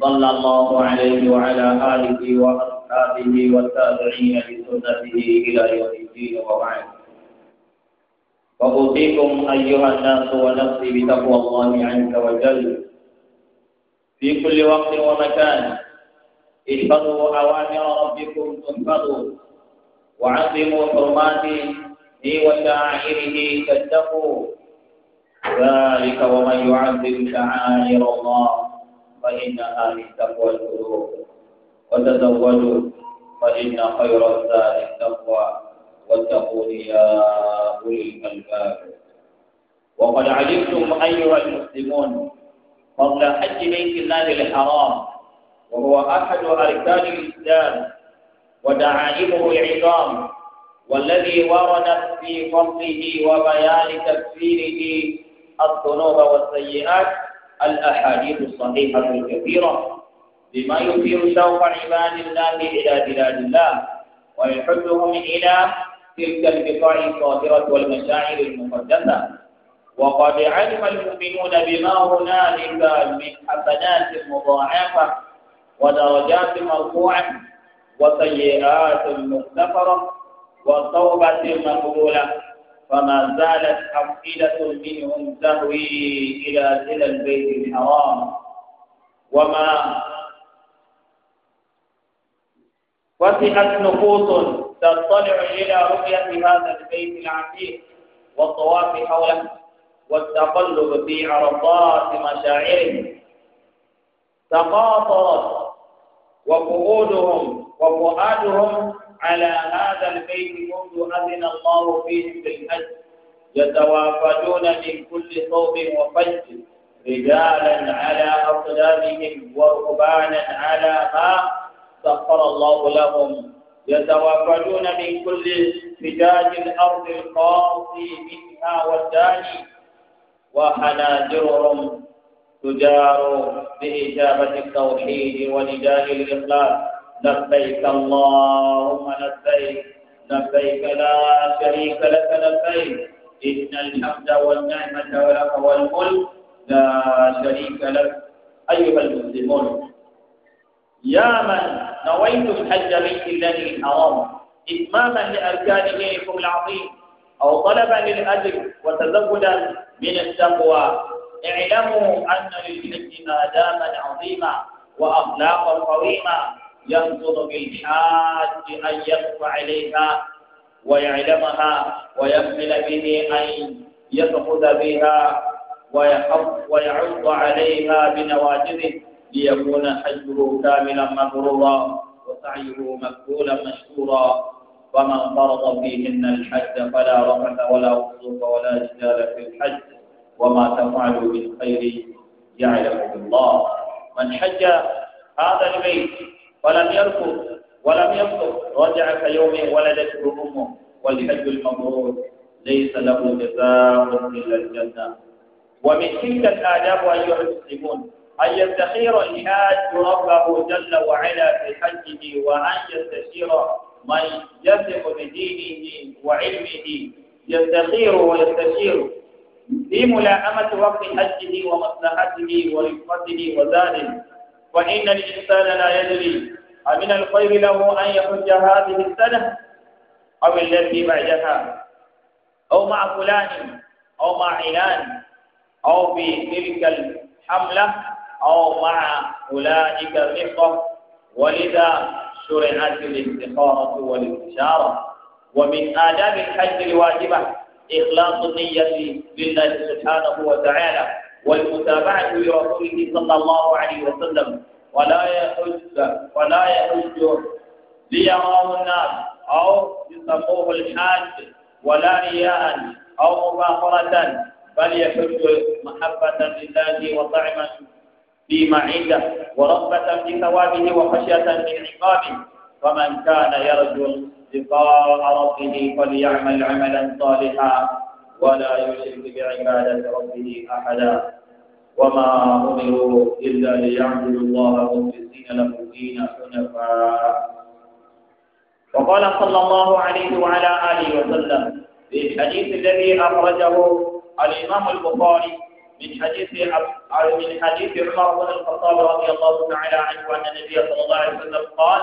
صلى الله عليه وعلى آله وأصحابه والتابعين بسنته إلى يوم الدين وبعد وأوصيكم أيها الناس ونفسي بتقوى الله عز وجل في كل وقت ومكان احفظوا أوامر ربكم تحفظوا وعظموا حرماته وشعائره فاتقوا ذلك ومن يعظم شعائر الله فإن أهل التقوى القلوب وتزودوا فإن خير الزاد التقوى واتقون يا أولي الألباب وقد علمتم أيها المسلمون فضل حج بيت الله الحرام وهو أحد أركان الإسلام ودعائمه العظام والذي وردت في فضله وبيان تكفيره الذنوب والسيئات الأحاديث الصحيحة الكثيرة بما يثير شوق عباد الله إلى بلاد الله ويحثهم إلى تلك البقاع الصادرة والمشاعر المقدسة وقد علم المؤمنون بما هنالك من حسنات مضاعفة ودرجات مرفوعة وسيئات مغتفرة وتوبة مقبولة فما زالت حصيلة منهم تهوي إلى إلى البيت الحرام وما فتحت نفوس تطلع إلى رؤية هذا البيت العتيق والطواف حوله والتقلب في عرضات مشاعره تقاطرت وقعودهم وفؤادهم على هذا البيت منذ أذن الله فيه بالحج يتوافدون من كل صوب وفج رجالا على أقدامهم ورهبانا على ما سخر الله لهم يتوافدون من كل فجاج الأرض القاصي منها والداني وحناجرهم تجار بإجابة التوحيد ونداء الإخلاص لبيك اللهم لبيك لبيك لا شريك لك لبيك إن الحمد والنعمة لك والملك لا شريك لك أيها المسلمون يا من نويتم حج بيت الله الحرام إتماما لأركان دينكم العظيم أو طلبا للأجر وتزودا من التقوى اعلموا أن للحج ما داما عظيما وأخلاقا قويما ينقض بالحاج أن يقف عليها ويعلمها ويحمل به أن يفقد بها ويعض عليها بنواجذه ليكون حجه كاملا مبرورا وسعيه مكبولا مشكورا فمن فرض فيهن الحج فلا رفث ولا وصوف ولا جدال في الحج وما تفعلوا من خير يعلمه الله من حج هذا البيت ولم يركض ولم يفطر رجع كيوم ولدته امه والحج المبرور ليس له جزاء الا الجنه ومن تلك الاداب ايها المسلمون ان يستخير الحاج ربه جل وعلا في حجه وان يستشير من يثق بدينه وعلمه يستخير ويستشير في ملائمة وقت حجه ومصلحته ورفقته وزاده فإن الإنسان لا يدري أمن الخير له أن يحج هذه السنة أو التي بعدها أو مع فلان أو مع علان أو في تلك الحملة أو مع أولئك الرقة ولذا شرعت الاستخارة والاستشارة ومن آداب الحج الواجبة إخلاص النية لله سبحانه وتعالى والمتابعة لرسوله صلى الله عليه وسلم ولا يحج ولا يحج ليراه الناس أو يصفوه الحاج ولا رياء أو مباخرة بل يحج محبة لله وطعما فيما عنده ورغبة في ثوابه وخشية من عقابه فمن كان يرجو لقاء ربه فليعمل عملا صالحا ولا يشرك بعبادة ربه أحدا وما أمروا إلا ليعبدوا الله مخلصين له الدين حنفاء وقال صلى الله عليه وعلى آله وسلم في الحديث الذي أخرجه الإمام البخاري من حديث من حديث عمر بن الخطاب رضي الله تعالى عنه أن النبي صلى الله عليه وسلم قال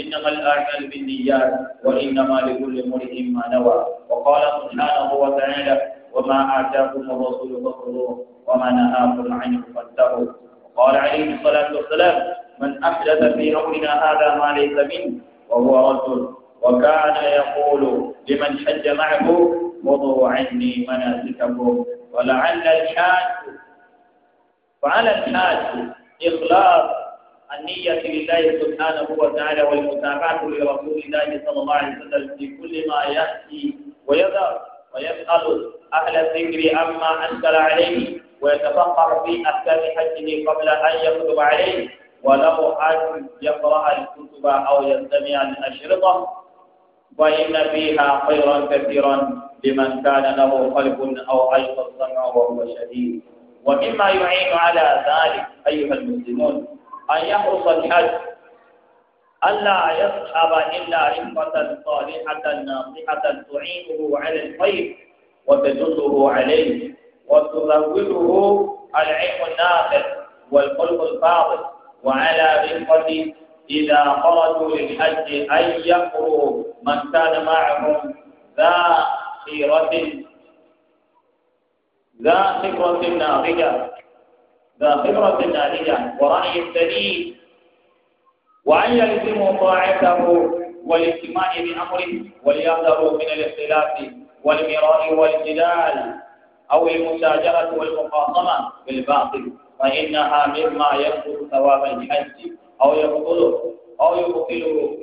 إنما الأعمال بالنيات وإنما لكل امرئ ما نوى وقال سبحانه وتعالى وما آتاكم الرسول فخذوه وما نهاكم عنه فانتهوا قال عليه الصلاة والسلام من أحدث في أمرنا هذا ما ليس منه وهو رجل وكان يقول لمن حج معه خذوا عني مناسككم ولعل الحاج فعلى الحاج إخلاص النية لله سبحانه وتعالى والمتابعة لرسول الله صلى الله عليه وسلم في كل ما يأتي ويذر ويسأل أهل الذكر عما أنزل عليه ويتفقه في أحكام حجه قبل أن يكتب عليه وله أن يقرأ الكتب أو يستمع الأشرطة فإن فيها خيرا كثيرا لمن كان له قلب أو ألقى السمع وهو شديد ومما يعين على ذلك أيها المسلمون أن يحرص الحج ألا يصحب إلا رفقة صالحة ناصحة تعينه على الخير وتدله عليه وتزوده العلم النافع والخلق الفاضل وعلى رفقة إذا خرجوا للحج أن يقروا من كان معهم ذا خيرة ذا خبرة ناضجة ذا خبرة ناضجة ورأي سليم وأن يلزموا طاعته والاهتمام بأمره وليحذروا من الاختلاف والمراء والجدال أو المشاجرة والمخاصمة بالباطل فإنها مما يبطل ثواب الحج أو يبطله أو يبطله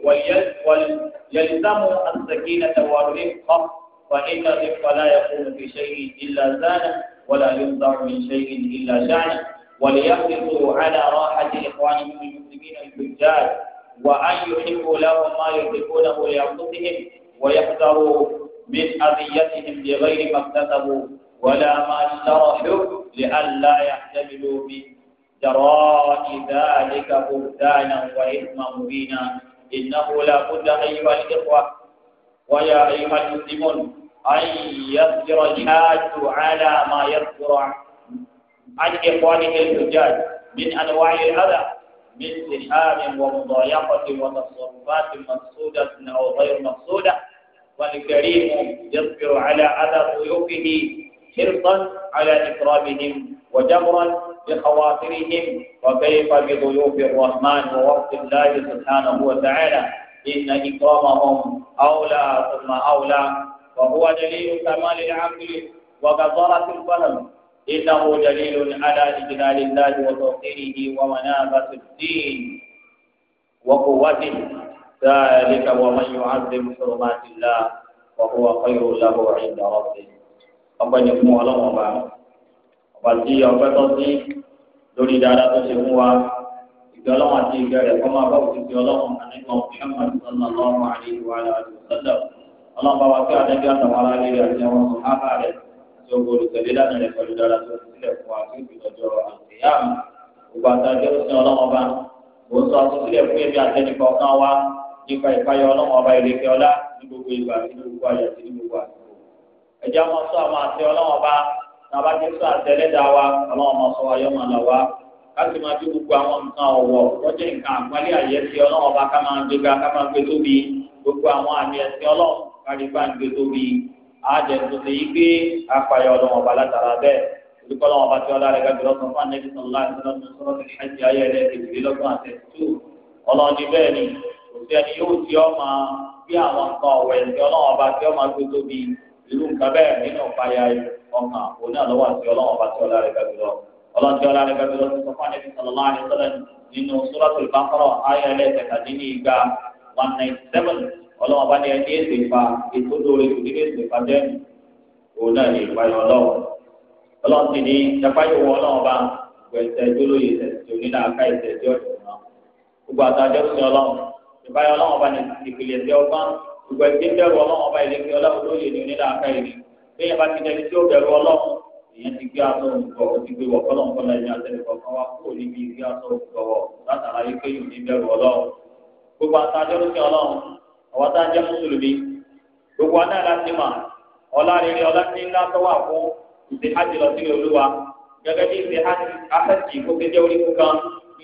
ويلزم السكينة والرفق فإن الرفق لا يكون في شيء إلا زان ولا يصدر من شيء إلا شان وليحرصوا على راحة إخوانهم المسلمين الحجاج وأن يحبوا لهم ما يحبونه لأنفسهم ويحذروا من أذيتهم لغير ما اكتسبوا ولا ما اشترحوا لئلا يحتملوا من جراء ذلك بهتانا وإثما مبينا إنه لا بد أيها الإخوة ويا أيها المسلمون أن يصبر الحاج على ما يصبر عن إخوانه الحجاج من أنواع الأذى من سحاب ومضايقة وتصرفات مقصودة أو غير مقصودة والكريم يصبر على أذى ضيوفه حرصا على إكرامهم وجبرا بخواطرهم وكيف بضيوف الرحمن ووفد الله سبحانه وتعالى إن إكرامهم أولى ثم أولى وهو دليل كمال العقل وجزارة الفهم إنه دليل على إجلال الله وتوقيره ومنابة الدين وقوته ذلك ومن يعظم حرمات الله خير له عند ربه fún ọba ọba tí ọpẹ́ tó sí lórí dáadáa tó ṣe fún wa ìgbẹ Ọlọ́run àti ìgbẹ rẹ̀ kọ máa bá àníkọ Muhammad bá wa kí àtàwọn aráàlú àti àwọn lánàá dáadáa tó ti fún wa ọba òun sọ fún wa. nípa ìpayọ ọlọ́wọ́n ọba ìlẹ́kẹ́ ọlá ní gbogbo ìgbà ní gbogbo ayọ̀ ní gbogbo àsìkò. ẹ̀jẹ̀ ọmọ sọ àwọn àti ọlọ́wọ́n ọba nàbà ti sọ àti ẹlẹ́dàá wa ọlọ́wọ́n ọmọ sọ ayọ́ mọ̀ lọ wa láti máa bí gbogbo àwọn nǹkan ọ̀wọ̀ lọ́jọ́ nǹkan àpálẹ́ àyẹ́ ti ọlọ́wọ́n ọba ká máa gbéga ká máa gbé tóbi gbogbo àwọn àmì ẹ̀sìn ọlọ́wọ́n kárí bá ń gbé òsèlú yóò ti ọmọ bí àwọn nǹkan ọ̀wẹ̀ ti ọlọ́wọ́n ọba tí ọmọ tó tóbi irú nǹkan bẹ́ẹ̀ nínú ìpayà ọmọ òun náà lọ́wọ́ àti ọlọ́wọ́n ọba tí ọlá rẹ̀ gàdú lọ. ọlọ́run tí ọlá rẹ̀ gàdú lọ ti sọ fún àdébí sọlọ́lá àdébí nínú suratul Baqara ayé ẹlẹ́ẹ̀kẹ́tàdínní igba one ninety seven ọlọ́wọ́n bá ní ẹni èsè ìpa ètò lórí ìdílé èsè ìpa jẹ́ òun náà ní ìpayà ọlọ́wọ́ ọlọ́run ti ní ìjàpáyé wọ ọlọ́run ọba gbẹ̀sẹ̀ tó lóye ìtẹ̀sí onílà aká ìbáyọ̀ ọlọ́wọ́n bá ní ìpìlẹ̀ tẹ ọgbọ́n gbogbo ẹgbẹ́ bẹ̀rù ọlọ́wọ́n bá ilé kí ọlọ́wọ́ ló lè ní onílà aka ìlú bẹ́ẹ̀ bá ti dẹni tí ó bẹ̀rù ọlọ́wọ́ èèyàn ti gbé aṣọ òǹkọ̀ ó ti gbé wọ̀ kọ́lọ́n kọ́lá ẹ̀yìn àtẹnukọ̀ kan wá kúrò níbi gbé aṣọ òǹkọ̀ wọ̀ látara yìí pé yòó ní bẹ̀rù ọlọ́wọ́ gbogbo àtàjọ́ ló ti ọlọ́run ọ̀wọ́ tá a jẹ́ mùsùlùmí gbogbo aná láti mà ọlá rere ọlá tí ńlá tó wà fún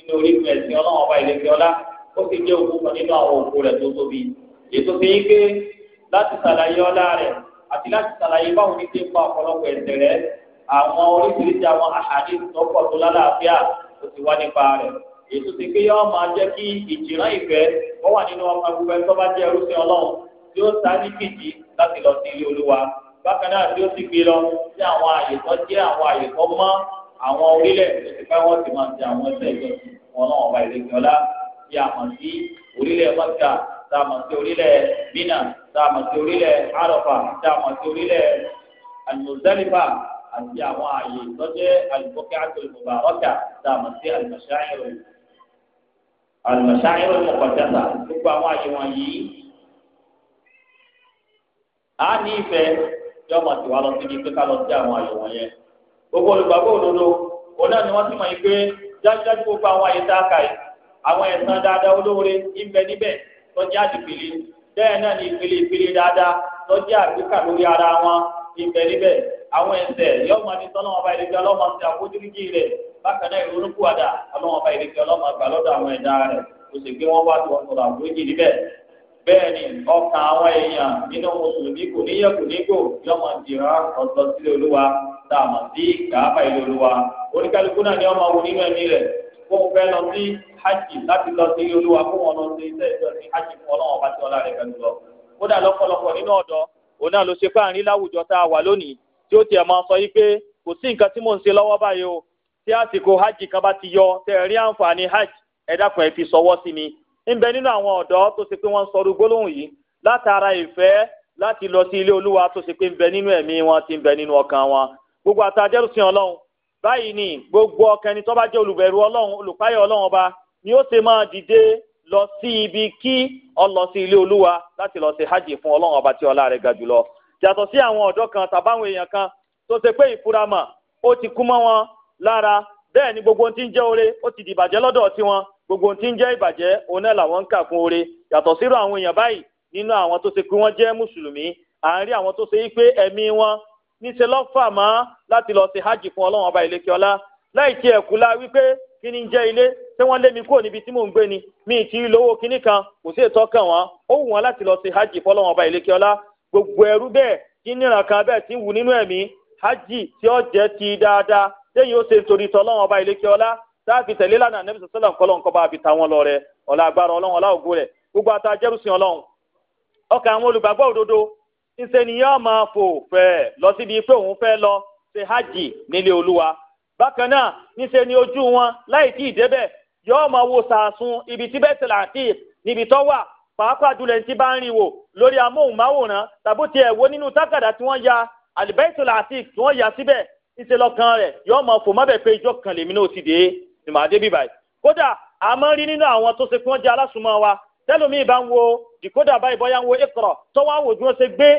ìṣèhájì ó sì jẹ́ òkú kan nínú àwọn òkú rẹ̀ tó tóbi ètò fi yín pé láti ṣàlàyé ọlá rẹ̀ àti láti ṣàlàyé báwo ní ṣe ń pa ọ̀pọ̀lọpọ̀ ẹ̀ṣẹ̀ rẹ̀ àwọn oríṣiríṣi àwọn àhàdí tọ́pọ̀ tó lálàáfíà ó ti wá nípa rẹ̀ ètò ti pé yọ́ọ́ máa jẹ́ kí ìjìrán ìfẹ́ ó wà nínú ọmọ ẹgbẹ́ tó bá jẹ́ ẹrúsìn ọlọ́run tí ó ta ní kìjì láti lọ sí ilé olúwa bákan náà tí ó ti gbé lọ sí àwọn àyè tó jẹ́ àwọn àyè tó mọ́ àwọn orílẹ̀ tó ti pẹ́ wọ́n ti máa ti àwọn ẹsẹ̀ ìjọsìn tí a mọ̀ sí orílẹ̀ mọ́kà tá a mọ̀ sí orílẹ̀ mínà tá a mọ̀ sí orílẹ̀ arọ́fà tá a mọ̀ sí orílẹ̀ àlùmọ̀sálífà àti àwọn ààyè lọ́jẹ́ àlùmọ́kẹ́ àtòlùmọ̀bà ọ̀kà tá a mọ̀ sí àlùmọ̀ṣáìrò àlùmọ̀ṣáìrò mọ̀kọ̀tẹ́sà gbogbo àwọn ààyè wọ̀nyí a ní ìfẹ́ yọmọ tiwa lọ sí ní pé ká lọ sí àwọn ààyè wọ̀nyẹn gbogbo olùgbàgbọ́ òdodo òun náà ni wọ́n ti mọ̀ yìí pé dájúdájú gbogbo àwọn ààyè tá a kà yìí àwọn ẹ̀sán dáadáa olóore ìbẹ níbẹ̀ tọ́jú àdìpele bẹ́ẹ̀ náà ní ìpele ìpele dáadáa tọ́jú àgbékà lórí ara wọn ìbẹ níbẹ̀ àwọn ẹ̀sẹ̀ yọ̀ọ́mọ ọba ọlọ́mọ ti àfojúríjì rẹ̀ bákan náà ọba ọlọ́mọ lọ́dọ̀ àwọn ẹ̀dá rẹ̀ kò sì gbé wọn wá tó ni ọkàn àwọn èèyàn nínú mùsùlùmí kò níyẹ kò ọ̀sọ̀ sílẹ̀ olúwa tá a mọ̀ sí olúwa náà ni ọmọ wò hajj láti lọ sí olúwa fún wọn lọ sí iṣẹ́ ìjọsìn hajj fún ọlọ́run ọba tí ọlá rẹ̀ kẹ́nu lọ. kódà lọ́pọ̀lọpọ̀ nínú ọ̀dọ́ òun náà ló ṣe fáàrin láwùjọ tá a wà lónìí tí ó tiẹ̀ máa sọ yí pé kò sí nǹkan tí mò ń ṣe lọ́wọ́ báyìí o tí àsìkò hajj kan bá ti yọ tẹ rí àǹfààní hajj ẹ dákun ẹ fi sọwọ́ sí mi. ń bẹ nínú àwọn ọ̀dọ́ tó ṣe pé wọ́n ń sọrú gbólóhùn yìí látara ìfẹ́ láti lọ sí ilé olúwa tó ṣe pé ń bẹ nínú ẹ̀mí wọn ti ń bẹ nínú ọkàn wọn. gbogbo àtàjẹ́rùsìn ọlọ́run báyìí ni gbogbo ọkàn ẹni tó bá jẹ́ olùbẹ̀rù ọlọ́run olùpáyọ̀ ọlọ́run ọba ni ó ṣe máa dìde lọ sí ibi kí ó lọ sí ilé olúwa láti lọ ṣe hajj fún ọlọ́run ọba tí ọlá rẹ̀ ga jùlọ yàtọ̀ sí àwọn ọ̀dọ́ kan tàbáwọn èèyàn kan tó ṣe pé ìfurama ó ti kú mọ́ wọn lára bẹ́ẹ̀ ni gbogbo ohun tí ń jẹ́ oore ó ti dìbàjẹ́ lọ́dọ̀ tiwọn gbogbo ohun tí ń jẹ́ ìbàjẹ́ òun náà làwọn ń kà fún oore yàtọ̀ sírò àwọn èèyàn báyìí nínú àwọn tó ṣe pé wọ́n jẹ́ mùsùlùmí à àwọn tó ṣe pé ẹ̀mí wọn níṣẹ́ lọ́fà mọ́ láti lọ ṣe hajj fún ọlọ́run ọba ìlẹ́kẹ́ láì ekula wipe la wípé kí ni jẹ́ ilé ṣé wọ́n lé mi kúrò níbi tí mò ń gbé ni mi ì ti lówó kinní kan kò sí ètò ọkàn wọn ó wù wọn láti lọ sí hajj fọlọ́wọn ọba ìlékè ọlá gbogbo ẹrú bẹ́ẹ̀ tí níran kan bẹ́ẹ̀ ti wù nínú ẹ̀mí hajj tí ó jẹ́ ti dáadáa lẹ́yìn ó ṣe nítorí tọ́lọ́wọn ọba ìlékè ọlá tẹ̀lé ta bákan náà níṣẹ́ ni ojú wọn láì tí ì débẹ̀ yóò máa wo sàásùn ibi tí bẹ́ẹ̀ tẹ̀lé àti níbi tó wà pàápàá jùlọ ẹni tí bá ń rìn wò lórí amóhùnmáwòrán tàbí tiẹ̀ wo nínú tákàdá tí wọ́n ya àlìbẹ́ẹ̀tò làásì tí wọ́n yà síbẹ̀ níṣẹ́ lọ́kàn rẹ̀ yóò máa fò mọ́bẹ̀ pé ìjọ kan lèmi náà ti dé ni màá dé bí báyìí kódà a máa ń rí nínú àwọn tó ṣe kí wọ́n jẹ́ alásùnmọ́ wa tẹ́lómìn bá ń wo dìkódà báyìí bọ́yá ń wo ìkọ̀rọ̀ tó wá wò bí wọ́n ṣe gbé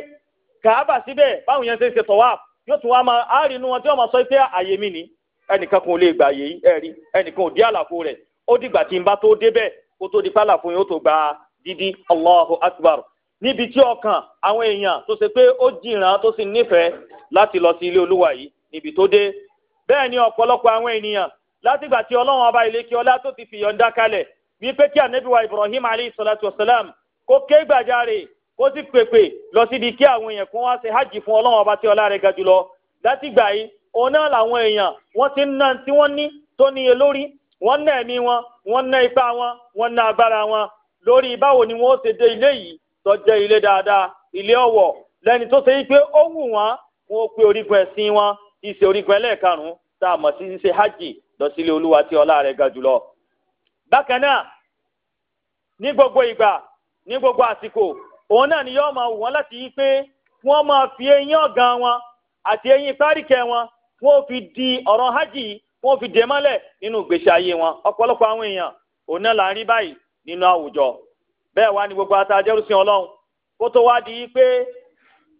kàábà ẹnìkan kan ò lè gbà yé ẹ̀rí ẹnìkan ò dí àlàfo rẹ̀ ó dìgbà tí n bá tó débẹ̀ kó tó di pálàfo yẹn ó tó gba dídí Allahu Akbar níbi tí ọkàn àwọn èèyàn tó ṣe pé ó jìnnà tó sì nífẹ̀ẹ́ láti lọ sí ilé olúwa yìí níbi tó dé bẹ́ẹ̀ ni ọ̀pọ̀lọpọ̀ àwọn ènìyàn látìgbà tí ọlọ́run ọba ìlékè ọlá tó ti fìyọ̀ǹda kalẹ̀ wípé kí anabiwa Ibrahim alayhi salatu wasalam kó ké gbàjarè kó sì pèpè lọ síbi kí àwọn èèyàn kó wá ṣe hajj fún ọlọ́run ọba tí ọlá rẹ̀ ga jùlọ látìgbà yìí òun náà làwọn èèyàn wọ́n ti ń ná tí wọ́n ní tó níye lórí wọ́n ná ẹ̀mí wọn wọ́n ná ipá wọn wọ́n ná agbára wọn lórí báwo ni wọ́n ó ṣe dé ilé yìí tó jẹ́ ilé dáadáa ilé ọ̀wọ̀ lẹ́ni tó ṣe pé ó wù wọ́n pe orígun ẹ̀sìn wọn ìṣe orígun ẹlẹ́ẹ̀karùn-ún tá a mọ̀ sí hajj lọ sílé olúwa tí ọlá rẹ̀ ga jùlọ. bákan náà gbogbo ìgbà ní gbogbo àsìkò òun náà ni yóò máa wù wọ́n láti yí pé fi eyín wọn àti eyín páríkẹ́ wọn wọ́n fi di ọ̀rọ̀ hajj wọ́n fi dè mọ́lẹ̀ nínú ìgbésí ayé wọn ọ̀pọ̀lọpọ̀ àwọn èèyàn òun náà là ń rí báyìí nínú àwùjọ bẹ́ẹ̀ wá ní gbogbo ata jẹ́rùsìn ọlọ́run kó tó wá di pé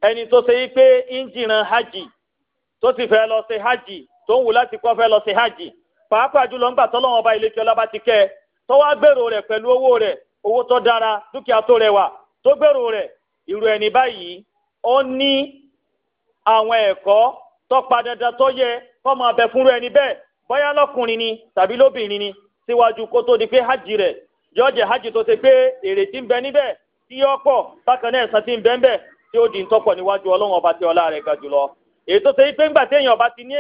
ẹni tó pé hajj tó sì fẹ́ lọ hajj tó ń wù láti lọ hajj pàápàá jùlọ ọba ilé kí ọlá bá ti kẹ́ ẹ tó wá gbèrò pẹ̀lú owó owó tó dára dúkìá tó rẹwà tó gbèrò tọ́pa dandan tó yẹ kó máa bẹ fúnra ẹni bẹ́ẹ̀ bọya lọ́kùnrin ni tàbí lóbìnrin ni síwájú kó tó di pé hajj rẹ̀ yọ jẹ́ hajj tó ṣe pé èrè ti ń bẹ níbẹ̀ tí yọ pọ̀ bákan náà ń bẹ níbẹ̀ tí ó di ń tọ́pọ̀ ọba tí ọlá rẹ̀ ga jùlọ. èyí ọba ti ní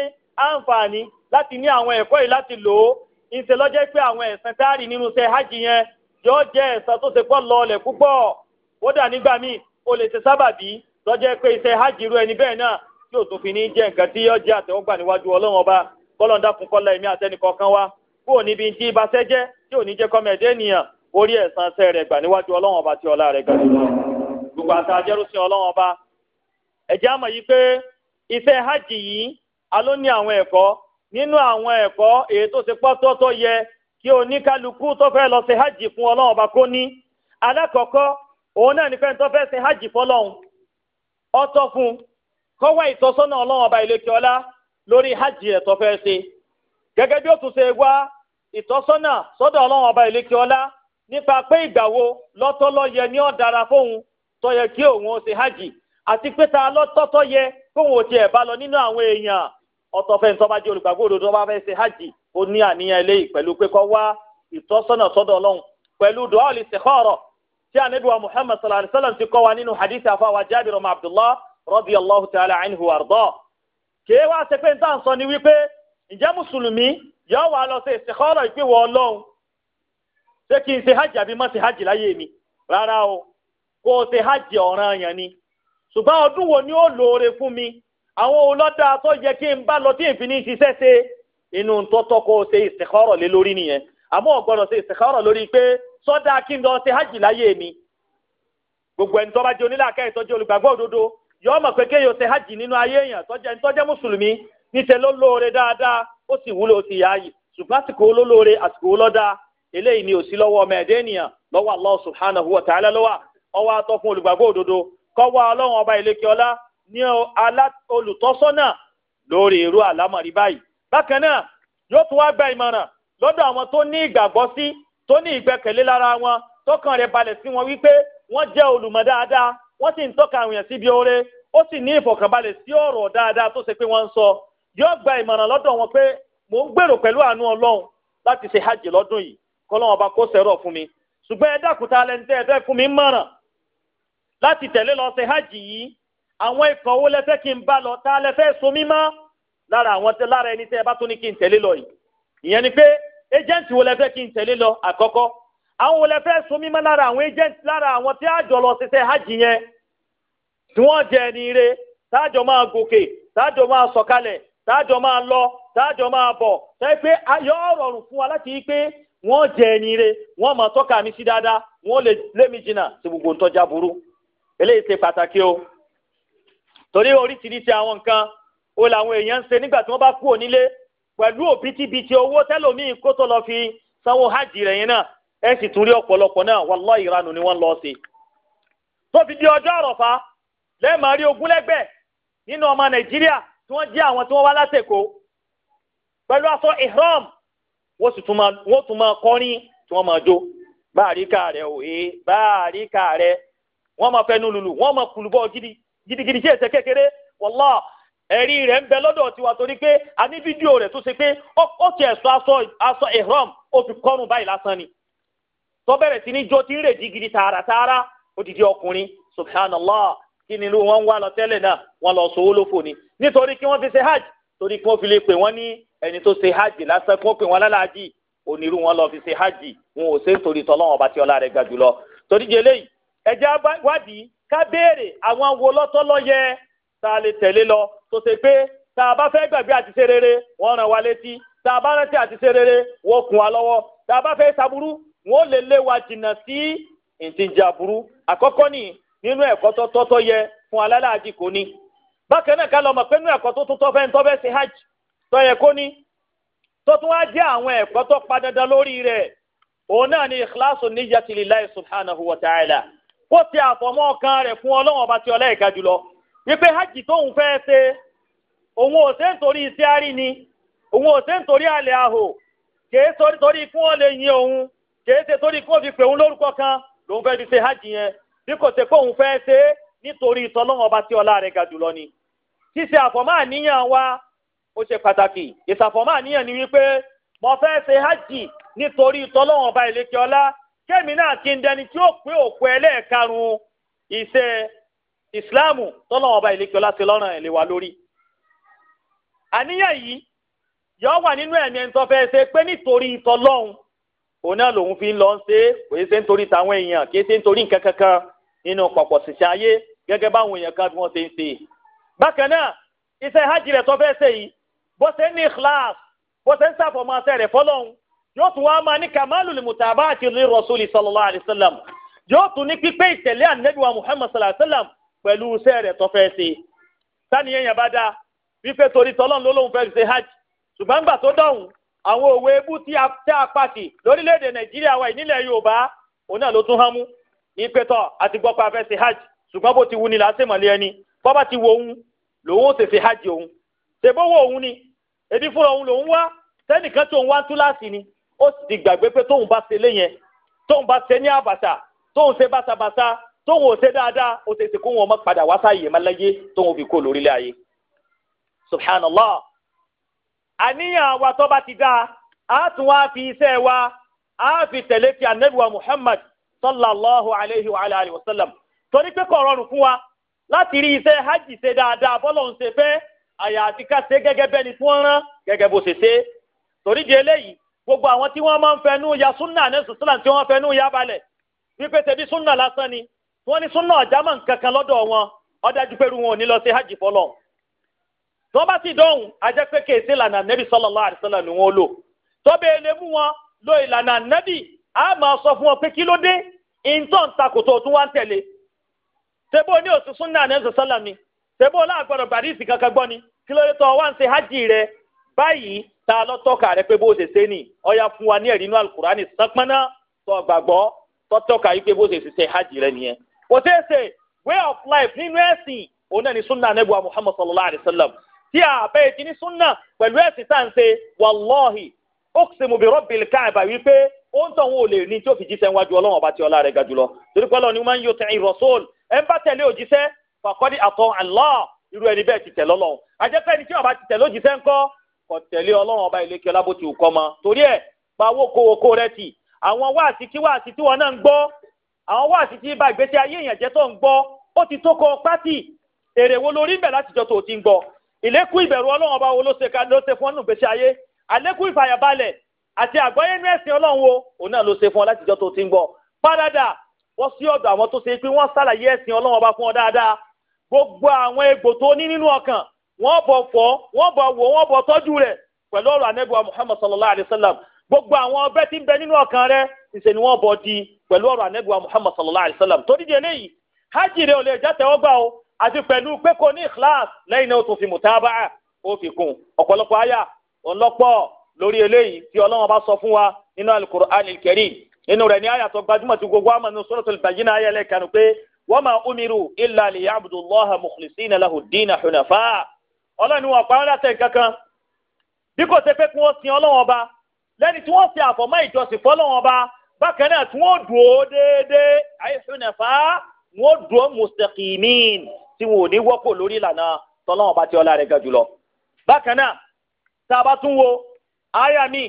àǹfààní láti ní àwọn ẹ̀kọ́ yìí láti lò ó ìṣe pé àwọn hajj yẹn jẹ́ tó ṣe pọ̀ púpọ̀ kódà nígbà míì o lè ṣe sábàbí hajj irú ẹni tí o tún fi ní jẹ́ nǹkan tí yọ jẹ́ àtẹ̀wọ́gbà níwájú ọlọ́run ọba kọ́lọ́n dákun kọ́lá ẹ̀mí àtẹnìkọ̀ọ̀kan kó o níbi tí ibasẹ́ jẹ́ tí ò jẹ́ kọ́mọ ẹ̀dẹ́ ènìyàn orí ẹ̀san sẹ́ rẹ̀ gbà níwájú ọlọ́run ọba ti ọlá rẹ̀ ga gbogbo àti ajẹ́rúsìn ọlọ́run ọba ẹ̀jẹ̀ àmọ̀ yìí pé iṣẹ́ hajj yìí àwọn ẹ̀kọ́ nínú àwọn ẹ̀kọ́ èyí tó yẹ kí oníkálukú tó hajj fún ọlọ́run ọba kó ní. alákọ̀ọ́kọ́ òun náà ní tó fẹ́ hajj ọ̀tọ̀ kó wá ìtọ́sọ́nà ọlọ́run ọba ilé kíọ́lá lórí hajj ẹ̀ tó fẹ́ ṣe gẹ́gẹ́ bí ó tún ṣe wá ìtọ́sọ́nà sọ́dọ̀ ọlọ́run ọba ilé kíọ́lá nípa pé ìgbà wo lọ́tọ́ lọ́yẹ ní ọ̀dára fóun tó yẹ kí òun ó ṣe hajj àti pé ta lọ́tọ́ tó yẹ fóun ò tiẹ̀ bá lọ nínú àwọn èèyàn ọ̀tọ̀ fẹ́ tó jẹ́ olùgbàgbọ́ òdodo bá fẹ́ ṣe hajj ó ní àníyàn eléyìí pẹ̀lú pé kó wá ìtọ́sọ́nà sọ́dọ̀ ọlọ́run pẹ̀lú du'a al-istikhara tí ànábì wa Muhammad sallallahu alaihi wasallam ti kọ́ wa nínú hadith àfọwà Jabir ọmọ Abdullah radiyallahu ta'ala anhu warda. kèé wá ṣe pé n táà ń sọ ni wípé ǹjẹ́ mùsùlùmí yóò wá lọ ṣe istikhara ìpéwọ̀ ọlọ́run ṣé kí n ṣe hajj àbí má ṣe hajj rárá o kó ni ṣùgbọ́n ọdún ni fún àwọn tó yẹ kí n bá lọ tí ìfini ṣiṣẹ́ ṣe inú o ṣe lé lórí nìyẹn lọ ṣe hajj yọọ ọmọ pé kéèyàn ṣe hajj nínú ayé èèyàn tọ́jẹ́ tọ́jẹ́ mùsùlùmí níṣẹ́ ló lóore dáadáa ó sì wúlò ó sì yáàyè ṣùgbọ́n àsìkò olólóore àsìkò olóda eléyìí ni òsì lọ́wọ́ ọmọ ẹ̀dẹ́ ènìyàn lọ́wọ́ Allah subhanahu wa ta'ala lọ́wọ́ ọwọ́ atọ́ fún olùgbàgbọ́ òdodo kọ́wọ́ ọlọ́run ọba ìlẹ́kẹ́ ọlá ní olùtọ́sọ́nà lórí irú àlámọ̀rí báyìí bákan náà yóò tún wá gba ìmọ̀ràn lọ́dọ̀ àwọn tó ní ìgbàgbọ́ sí tó ní ìgbẹ́kẹ̀lé lára wọn rẹ̀ balẹ̀ sí wọn wọ́n sì ń tọ́ka àwọn èèyàn síbi oore ó sì ní ìfọ̀kànbalẹ̀ sí ọ̀rọ̀ dáadáa tó ṣe pé wọ́n ń sọ yóò gba ìmọ̀ràn lọ́dọ̀ wọn pé mò ń gbèrò pẹ̀lú àánú ọlọ́run láti ṣe hajj lọ́dún yìí kọ́lọ́wọ́n ọba kó sẹ́rọ̀ fún mi ṣùgbọ́n ẹ dákúta lẹ́ńtẹ́ ẹ fẹ́ fún mi mọ̀ràn láti tẹ̀lé lọ ṣe hajj yìí àwọn ikọ̀ wo lẹ fẹ́ kí n bá lọ tá a lẹ fẹ́ so mí mọ́ lára ẹni tẹ́ ẹ bá tún ní kí n tẹ̀lé lọ yìí ìyẹn ni pé ẹjẹ́ǹtì wo lẹ fẹ́ kí n tẹ̀lé lọ àkọ́kọ́ àwọn olè fẹ́ sun mímọ́ lára àwọn agent lára àwọn tí àjọ lọ ṣiṣẹ́ hajj yẹn tí wọ́n jẹ ire táàjọ máa gòkè táàjọ máa sọ̀kalẹ̀ máa lọ táàjọ máa bọ̀ sẹ́yìn pé yọ rọrùn fún wa láti yí pé wọ́n jẹ ẹni ire wọ́n máa tọ́ka mi sí dáadáa wọ́n lè mi jìnnà sí gbogbo ntọ́já burú eléyìí ṣe pàtàkì o torí oríṣiríṣi àwọn nǹkan o làwọn èèyàn ń ṣe nígbà tí wọ́n bá kú ònílé pẹ̀lú òbítíbitì owó tẹ́lòmíì hajj rẹ̀ ẹ sì tún rí ọ̀pọ̀lọpọ̀ náà wàláhì ìranù ni wọ́n lọ sí. tó fi di ọjọ́ àrọ̀fá lẹ́ẹ̀mà rí ogúnlẹ́gbẹ̀ nínú ọmọ nàìjíríà tí wọ́n jẹ́ àwọn tí wọ́n wá látẹ̀kọ́ pẹ̀lú aṣọ ihram wọ́n sì tún máa kọrin tí wọ́n máa jó báàríkà rẹ̀ òye eh, báàríkà rẹ̀ wọ́n máa wọ́n máa kùlùbọ̀ gidigidi sí kékeré ẹ̀rí rẹ̀ ń bẹ lọ́dọ̀ tiwa torí pé a ní fídíò rẹ̀ tó ṣe pé ó ti ẹ̀sọ́ aṣọ ihram ó fi kọrun báyìí lásán tó bẹ̀rẹ̀ sí ní jó tí ń rè digidi tààràtààrà odidi ọkùnrin subhanallah kí ni irú wọn ń wá lọ tẹ́lẹ̀ náà wọn lọ sọ olófò ni nítorí kí wọ́n fi ṣe hajj torí kí wọ́n fi lè pè wọ́n ní ẹni tó ṣe hajj lásán kí wọ́n pè wọ́n lálàájì onírú wọn lọ fi ṣe hajj wọn ò ṣe nítorí tọ́lọ́wọ́n ọba tí ọlá rẹ̀ ga jùlọ torí jẹ eléyìí ẹjẹ́ wádìí ká béèrè àwọn wo lọ́tọ́lọ́ yẹ tá a lè tẹ̀lé lọ tó ṣe pé tá a bá fẹ́ gbàgbé àti ṣe rere wọ́n ràn wá létí tá a bá rántí àti ṣe rere wọ́n kún wa lọ́wọ́ tá a bá fẹ́ ṣaburú wọn ò lè lé wa jìnnà sí ìtìjà ni nínú ẹ̀kọ́ tó tọ́tọ́ yẹ fún alálàájì kò ní bákan náà ká lọ mọ̀ pé nínú si tó ń sí hajj tó yẹ kó ní tó wá jẹ́ àwọn ni ikhlasu niyyati subhanahu wa ta'ala kó ti àfọ̀mọ́ kan rẹ̀ fún ọlọ́wọ́n ọba tí ọlá hajj tóun ṣe òun ò ṣe ń torí ni òun ò ṣe ń torí àlẹ́ àhò fún ọ lè kìí ṣe torí kó fi pè òun lórúkọ kan lòun fẹ́ fi ṣe hajj yẹn bí kò ṣe pé òun fẹ́ ṣe é nítorí ìtọ́lọ́wọ́n ọba tí ọlá rẹ̀ ga jùlọ ni. ṣíṣe àfọ̀mọ́ àníyàn wa ó ṣe pàtàkì ìṣàfọ̀mọ́ àníyàn ni wípé mo fẹ́ ṣe hajj nítorí ìtọ́lọ́wọ́n ọba ìlékè ọlá kémi náà kí n dẹni tí ó pé òkú ẹlẹ́ẹ̀karùn-ún ìṣe ìsìláàmù tọ́lọ́wọ́n ọba ìlékè ọlá ṣe òun náà lòun fi ń lọ ṣe é kò yẹ ṣe ń torí tàwọn èèyàn kì í ṣe ń torí nǹkan kankan nínú pọ̀pọ̀ ṣìṣẹ́ ayé gẹ́gẹ́ báwọn èèyàn kan bí wọ́n ṣe ń ṣe. bákan náà iṣẹ́ hajj rẹ̀ tó fẹ́ ṣe yìí bó ṣe ń ní ikhlas bó ṣe ń ṣàfọ̀mọ́ṣẹ́ rẹ̀ fọlọ́hún yóò tún wá máa ní kamalul mutaba'ati li rasuli sallallahu alayhi wa sallam yóò tún ní pípé ìtẹ̀lé ànábì wa muhammad sallallahu alayhi wa sallam pẹ̀lú iṣẹ́ rẹ̀ tó fẹ́ ṣe. sani yẹn yẹn bá dáa wípé torí tọ́lọ́n ló lóun fẹ́ hajj ṣùgbọ́n gbà tó dọ̀hún àwọn òwe ebú tí a pàṣì lórílẹ̀‐èdè nàìjíríà wa ìnílẹ̀ yorùbá òun náà ló tún hán mú ní pẹ́tọ́ àti gbọ́ pé hajj ṣùgbọ́n bó ti wu ni là á ṣèmọ̀lé ẹni bọ́bá ti wo òun lòun hajj òun ṣèbówó òun ni ebi fúnra òun lòun wá sẹ́nìkan wá ni ó sì ti gbàgbé pé tóun bá ṣe léyẹn tóun bá ṣe ní àbàṣà tóun ṣe bàṣàbàṣà tóun ò ṣe dáadáa ṣe wọn mọ́ padà wá sáàyè subhanallah àníyàn wa tó bá ti dáa a tún wá fi iṣẹ́ wa a fi tẹ̀lé ti anabi wa muhammad sallallahu alayhi wa alayhi wa sallam torí pé kò rọrùn fún wa láti rí iṣẹ́ hajj ṣe dáadáa bọ́lọ̀ ń ṣe fẹ́ àyàfi ká ṣe gẹ́gẹ́ bẹ́ẹ̀ ni tí wọ́n rán gẹ́gẹ́ bó ṣe ṣe torí di eléyìí gbogbo àwọn tí wọ́n máa ń fẹnu ya sunna ní sùsùlà tí wọ́n fẹnu ya balẹ̀ wípé tẹ̀bí sunna lásán ni wọ́n ní sunna ọ̀já nǹkan kan lọ́dọ̀ wọn ó dájú wọn ò ní lọ ṣe hajj fọlọ́n tó bá sì dọ̀hùn ajẹ́ pé kèsì ìlànà nẹ́bí sallallahu alaihi ni wọ́n lò tọ́bẹ̀ ẹni mú wọn lo ìlànà nẹ́bí a máa sọ fún wọn pé kí ló dé ìntàn takòtò tún wá ń tẹ̀lé tẹ́bó ní òsì ni tẹ́bó láàgbọ̀dọ̀ kankan ni kí ló dé tọ́ rẹ báyìí ta lọ tọ́ka rẹ pé bó ṣe ṣe ni ọya fún wa ní ẹ̀rí inú alukurani tí a bẹ́ẹ̀ ti ní súnà pẹ̀lú ẹ̀sìn tá à ń ṣe wàlọ́ọ̀hì ọ̀ksìmù bí rọ́bìlì káàbà wípé ó ń tàn wọn ò lè ní tí ó fi jíṣẹ́ wájú ọlọ́run ọba tí ọlá rẹ̀ ga jùlọ torí ni wọ́n yóò tẹ̀yìn rọ́sọ́ọ̀lù ẹ̀ ń bá tẹ̀lé òjíṣẹ́ fàkọ́dí irú ẹni bẹ́ẹ̀ ti tẹ̀ lọ́lọ́run ọba ti tẹ̀lé òjíṣẹ́ ńkọ́ kò tẹ̀lé ọlọ́run ọba ilé kí bó ti wù kọ́ mọ torí ẹ̀ pa owó kówókó rẹ ti àwọn wáàsí wáàsí tí wọn náà ìlékún ìbẹ̀rù ọlọ́run ọba wo ló ṣe ló ṣe fún ọ́nù gbèsè ayé àlékún ìfàyàbalẹ̀ àti àgbọ́yé ní ẹ̀sìn ọlọ́run wo òun náà ló ṣe fún ọ látijọ́ tó ti ń gbọ́ pádàdà wọ́n sí ọ̀dọ̀ àwọn tó ṣe pé wọ́n ṣàlàyé ẹ̀sìn ọlọ́run ọba fún ọ dáadáa gbogbo àwọn egbò tó ní nínú ọkàn wọ́n bọ̀ fọ́ wọ́n bọ̀ wò wọ́n bọ̀ tọ́jú rẹ̀ pẹ̀lú ọ̀rọ̀ anẹ́gbẹ̀wá Muhammad sallallahu alayhi wa sallam gbogbo àwọn ọgbẹ́ tí ń bẹ nínú ọkàn rẹ̀ ìṣe ni wọ́n bọ̀ di pẹ̀lú ọ̀rọ̀ anẹ́gbẹ̀wá Muhammad sallallahu alayhi wa sallam torí di eléyìí hajj rẹ̀ ò lè jẹ́ tẹ́wọ́gbà o àti pẹ̀lú pé kò ní ikhlas lẹ́yìn náà ó tún fi mùtábà ó fi kún ọ̀pọ̀lọpọ̀ àyà ọ̀lọ́pọ̀ lórí eléyìí tí Ọlọ́run bá sọ fún wa nínú al-Qur'an al-Karim nínú rẹ̀ ní àyà tó gbajúmọ̀ tí gbogbo àmọ́ nínú Suratul Bayyinah ayẹlẹ kanu pé wa ma umiru illa liya'budu Allaha mukhlisina lahu ad-dina hunafa Ọlọ́run wọn pa ọ́nà kankan bí kò ṣe pé tí wọn ò ní wọ́pọ̀ lórí ìlànà tọ́lọ́wọ́n bá ti ọlá rẹ̀ ga jùlọ. bákan náà tá a bá tún wo àyà mi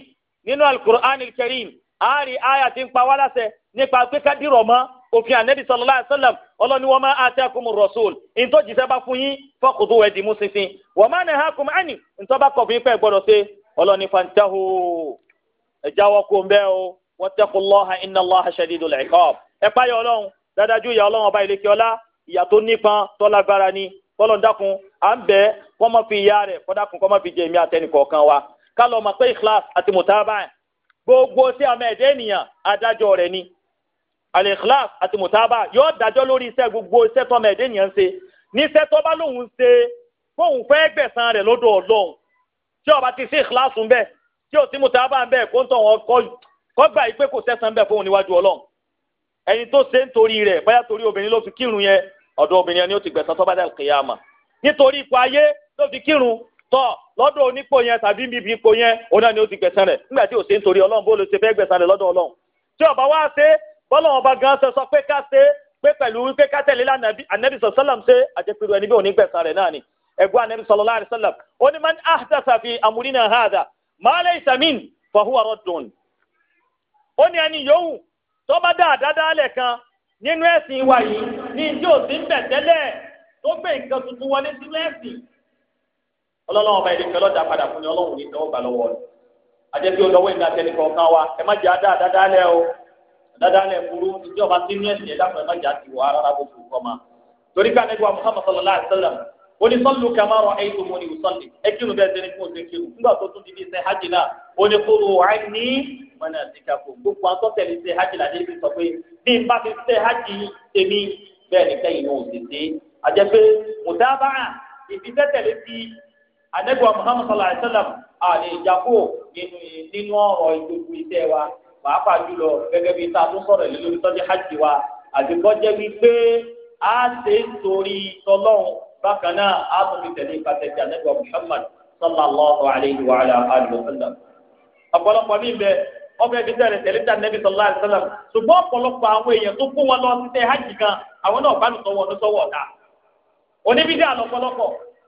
nínú alukur'an karim àárín àyà ti ń pa wá láṣẹ nípa pé ká dìrọ̀ mọ́ òfin ànẹ́bí sallallahu alaihi wasallam ọlọ́ni wọ́n máa àti ẹkùn rọ̀ṣọ́ọ̀lù ìtọ́ jíṣẹ́ bá fún yín fọ́kùtù ẹ̀dì mú sísìn wọ́n máa nà hákùn ẹ̀nì ìtọ́ bá kọ̀ fún yín pẹ́ gbọ́dọ̀ ṣe ọlọ́ni fantahu ẹ̀já wọ́n kó ń bẹ́ o wattaqullaha innallaha shadidul iqab ẹ̀ páyọ̀ ọlọ́run dáadáa ju ìyá ọlọ́run ọba ìlẹ́kẹ́ ọlá ìyà tó nípọn tó lágbára ni kọ́lọ̀ dákun à ń bẹ́ kọ́ mọ́ fi ìyá rẹ̀ kọ́ dákun kọ́ mọ́ fi jẹ èmi àtẹnì kọ̀ọ̀kan wa ká lọ́ọ́ mọ̀ pé ikhlas àti mutaba gbogbo sí àmọ́ ẹ̀dẹ́ ènìyàn adájọ́ rẹ̀ ni al-ikhlas àti mutaba yóò dájọ́ lórí iṣẹ́ gbogbo iṣẹ́ tọ́mọ ẹ̀dẹ́ ènìyàn ń ṣe níṣẹ́ tó bá lóun ṣe fóun fẹ́ gbẹ̀san rẹ̀ lọ́dọ̀ ọlọ́run tí ó bá ẹni tó se ń torí rẹ̀ báyà torí obìnrin ló fi kírun yẹn ọ̀dọ̀ obìnrin yẹn ni ó ti gbẹ̀san tó bá dà ma nítorí ipò ayé ló fi kírun tọ lọ́dọ̀ onípò yẹn tàbí bíbí ipò yẹn òun náà ni ó ti gbẹ̀san rẹ̀ nígbà tí ò ṣe ń torí bó ló ṣe fẹ́ gbẹ̀san rẹ̀ lọ́dọ̀ Ọlọ́run tí ọba wá se bọ́lọ́run ọba gan sọ pé ká ṣe pé pẹ̀lú pé ká alaihi ó ní tó bá dá àdádálẹ̀ kan nínú ẹ̀sìn wa yìí ní ìdí òsín bẹ̀ tẹ́lẹ̀ tó gbé nǹkan tuntun wọlé sínú ẹ̀sìn ọlọ́run ọba ìdíkẹ́ lọ́jà padà fún ni ọlọ́run ní ìdánwò gbà lọ́wọ́ rẹ̀ àjẹbí ìgbà kan wa o àdádálẹ̀ burú sínú ẹ̀sìn ẹ̀dá kan ẹ má jẹ́ ara gbogbo nǹkan ma torí ká ó ní sọ́ọ̀lù kàmáàrọ̀ ẹ̀yìn mo ní ìsọ̀lì ẹ kírun bẹ́ẹ̀ sẹ́ni fún òṣèké o nígbà tó tún di ní iṣẹ́ hajj náà ó ní kóró wàá ní mọ̀nà àtìkà kò gbogbo àwọn tọ́tẹ̀ ní iṣẹ́ hajj náà débi sọ pé bí n bá fi iṣẹ́ hajj tèmi bẹ́ẹ̀ ní kẹ́yìn náà ò sì dé àjẹ́ pé mùtábà ìfisẹ́tẹ̀lé ti anẹ́gbà Muhammad sallallahu alayhi wa sallam àlè ìjàpọ̀ nínú ọ̀rọ̀ ìgbogbo iṣẹ́ wa pàápàá jùlọ gẹ́gẹ́ bí tá a tún sọ̀rọ̀ lé lórí hajj wa àti kọjá wípé a ṣe ń torí bákan na á tún a tẹ̀lé ìpàtẹ́kì àdẹ́gbọ̀ Muhammad sallallahu alayhi wa alihi wa sallam ọ̀pọ̀lọpọ̀ mi bẹ ọmọ ẹbí tẹ̀lé tẹ̀lé tà nẹ́bí sallallahu alayhi wa wọn lọ sí tẹ hajj kan àwọn náà bá nùtọ̀ wọn lọ́sọ̀wọ́ ọ̀tá oníbídà àwọn tí wá